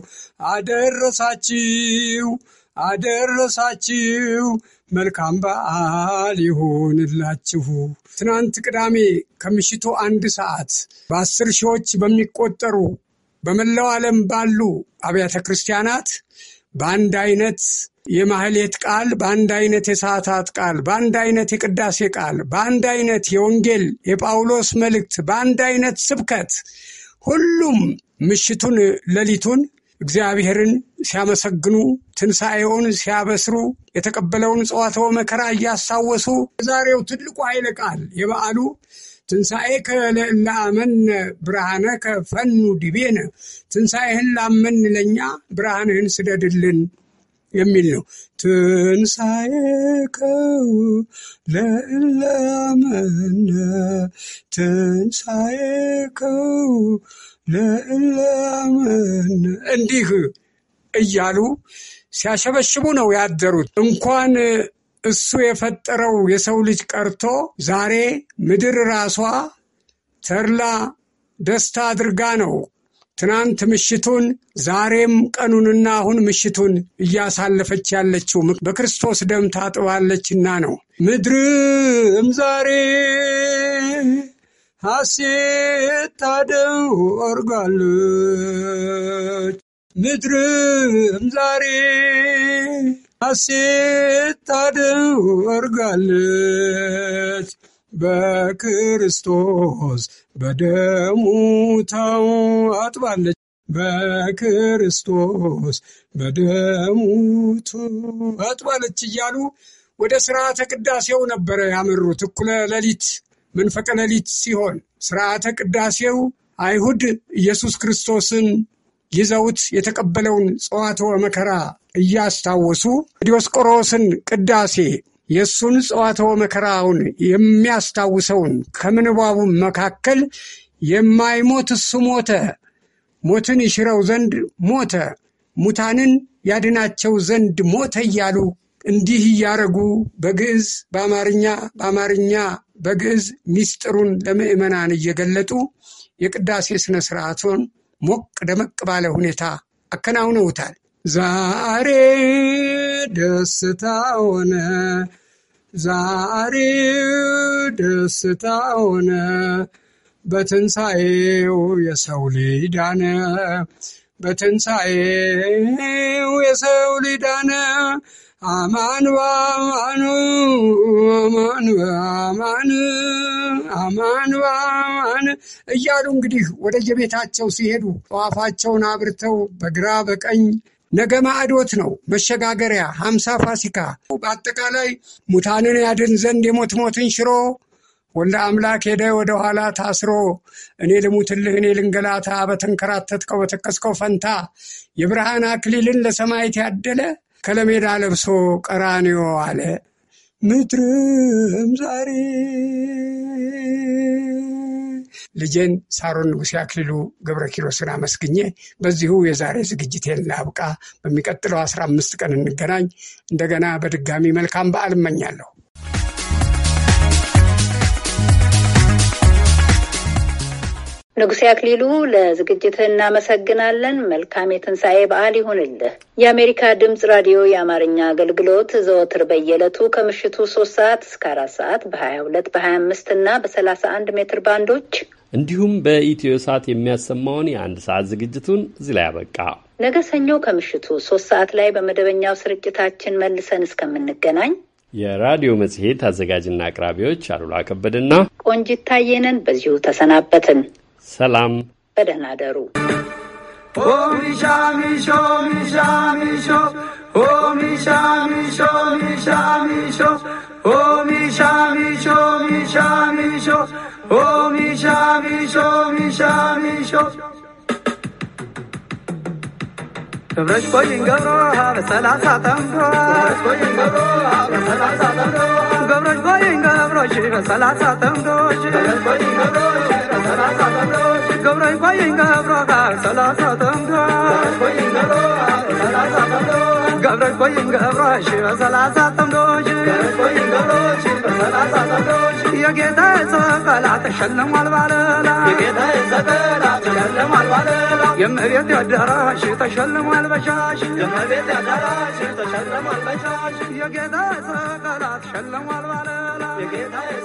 አደረሳችሁ አደረሳችሁ መልካም በዓል ይሁንላችሁ። ትናንት ቅዳሜ ከምሽቱ አንድ ሰዓት በአስር ሺዎች በሚቆጠሩ በመላው ዓለም ባሉ አብያተ ክርስቲያናት በአንድ አይነት የማህሌት ቃል፣ በአንድ አይነት የሰዓታት ቃል፣ በአንድ አይነት የቅዳሴ ቃል፣ በአንድ አይነት የወንጌል የጳውሎስ መልእክት፣ በአንድ አይነት ስብከት ሁሉም ምሽቱን ሌሊቱን እግዚአብሔርን ሲያመሰግኑ ትንሣኤውን ሲያበስሩ የተቀበለውን ጽዋትወ መከራ እያስታወሱ የዛሬው ትልቁ ኃይለ ቃል የበዓሉ ትንሣኤ ከለአመነ ብርሃነ ከፈኑ ዲቤነ ትንሣኤህን ላመን ለእኛ ብርሃንህን ስደድልን የሚል ነው። ትንሣኤከ ለእለ አመነ እንዲህ እያሉ ሲያሸበሽቡ ነው ያደሩት። እንኳን እሱ የፈጠረው የሰው ልጅ ቀርቶ ዛሬ ምድር ራሷ ተድላ ደስታ አድርጋ ነው ትናንት ምሽቱን ዛሬም ቀኑንና አሁን ምሽቱን እያሳለፈች ያለችው በክርስቶስ ደም ታጥባለችና ነው። ምድርም ዛሬ ሐሴት ታደርጋለች ምድርም ዛሬ ሐሴት ታደርጋለች በክርስቶስ በደሙ ታጥባለች በክርስቶስ በደሙ ታጥባለች እያሉ ወደ ሥርዓተ ቅዳሴው ነበረ ያመሩት እኩለ ሌሊት መንፈቀ ሌሊት ሲሆን ስርዓተ ቅዳሴው አይሁድ ኢየሱስ ክርስቶስን ይዘውት የተቀበለውን ጸዋትወ መከራ እያስታወሱ ዲዮስቆሮስን ቅዳሴ የእሱን ጸዋትወ መከራውን የሚያስታውሰውን ከምንባቡ መካከል የማይሞት እሱ ሞተ፣ ሞትን ይሽረው ዘንድ ሞተ፣ ሙታንን ያድናቸው ዘንድ ሞተ እያሉ እንዲህ እያረጉ በግዕዝ በአማርኛ በአማርኛ በግዕዝ ሚስጥሩን ለምዕመናን እየገለጡ የቅዳሴ ስነ ስርዓቱን ሞቅ ደመቅ ባለ ሁኔታ አከናውነውታል። ዛሬ ደስታ ሆነ፣ ዛሬ ደስታ ሆነ፣ በትንሣኤው የሰው ልጅ ዳነ፣ በትንሣኤው የሰው ልዳነ በትንሣኤው የሰው ልዳነ አማን አማን አማን እያሉ እንግዲህ ወደየቤታቸው ሲሄዱ ጠዋፋቸውን አብርተው በግራ በቀኝ ነገ ማዕዶት ነው፣ መሸጋገሪያ ሀምሳ ፋሲካ። በአጠቃላይ ሙታንን ያድን ዘንድ የሞት ሞትን ሽሮ ወልደ አምላክ ሄደ ወደ ኋላ ታስሮ እኔ ልሙትልህ እኔ ልንገላታ በተንከራተትከው በተቀስከው ፈንታ የብርሃን አክሊልን ለሰማይት ያደለ ከለሜዳ ለብሶ ቀራንዮ አለ ምድርም ዛሬ ልጄን ሳሮን ንጉሴ አክሊሉ ገብረ ኪሮስን አመስግኜ በዚሁ የዛሬ ዝግጅቴ ላብቃ። በሚቀጥለው አስራ አምስት ቀን እንገናኝ። እንደገና በድጋሚ መልካም በዓል እመኛለሁ። ንጉሴ አክሊሉ ለዝግጅትህ እናመሰግናለን። መልካም የትንሣኤ በዓል ይሁንልህ። የአሜሪካ ድምፅ ራዲዮ የአማርኛ አገልግሎት ዘወትር በየዕለቱ ከምሽቱ ሶስት ሰዓት እስከ አራት ሰዓት በሀያ ሁለት በሀያ አምስት እና በሰላሳ አንድ ሜትር ባንዶች እንዲሁም በኢትዮ ሰዓት የሚያሰማውን የአንድ ሰዓት ዝግጅቱን እዚህ ላይ አበቃ። ነገ ሰኞ ከምሽቱ ሶስት ሰዓት ላይ በመደበኛው ስርጭታችን መልሰን እስከምንገናኝ የራዲዮ መጽሔት አዘጋጅና አቅራቢዎች አሉላ ከበደና ቆንጂት ታየነን በዚሁ ተሰናበትን። ሰላም፣ በደህና አደሩ። ገብረሽ ቆይን ገብሮ በሰላሳ ጠንቶ ገብረሽ ቆይን ገብሮሽ በሰላሳ ጠንቶ ገብረኝ ቆይኝ ገብረጋ ሰላሳ ተምጋ ገብረኝ ቆይኝ ገብረሽ በሰላሳ ተምዶች የጌታ ሰቀላ ተሸልሟል ባለላ የእመቤት አዳራሽ ተሸልሟል በሻሽ የጌታ ሰቀላ ተሸልሟል ባለላ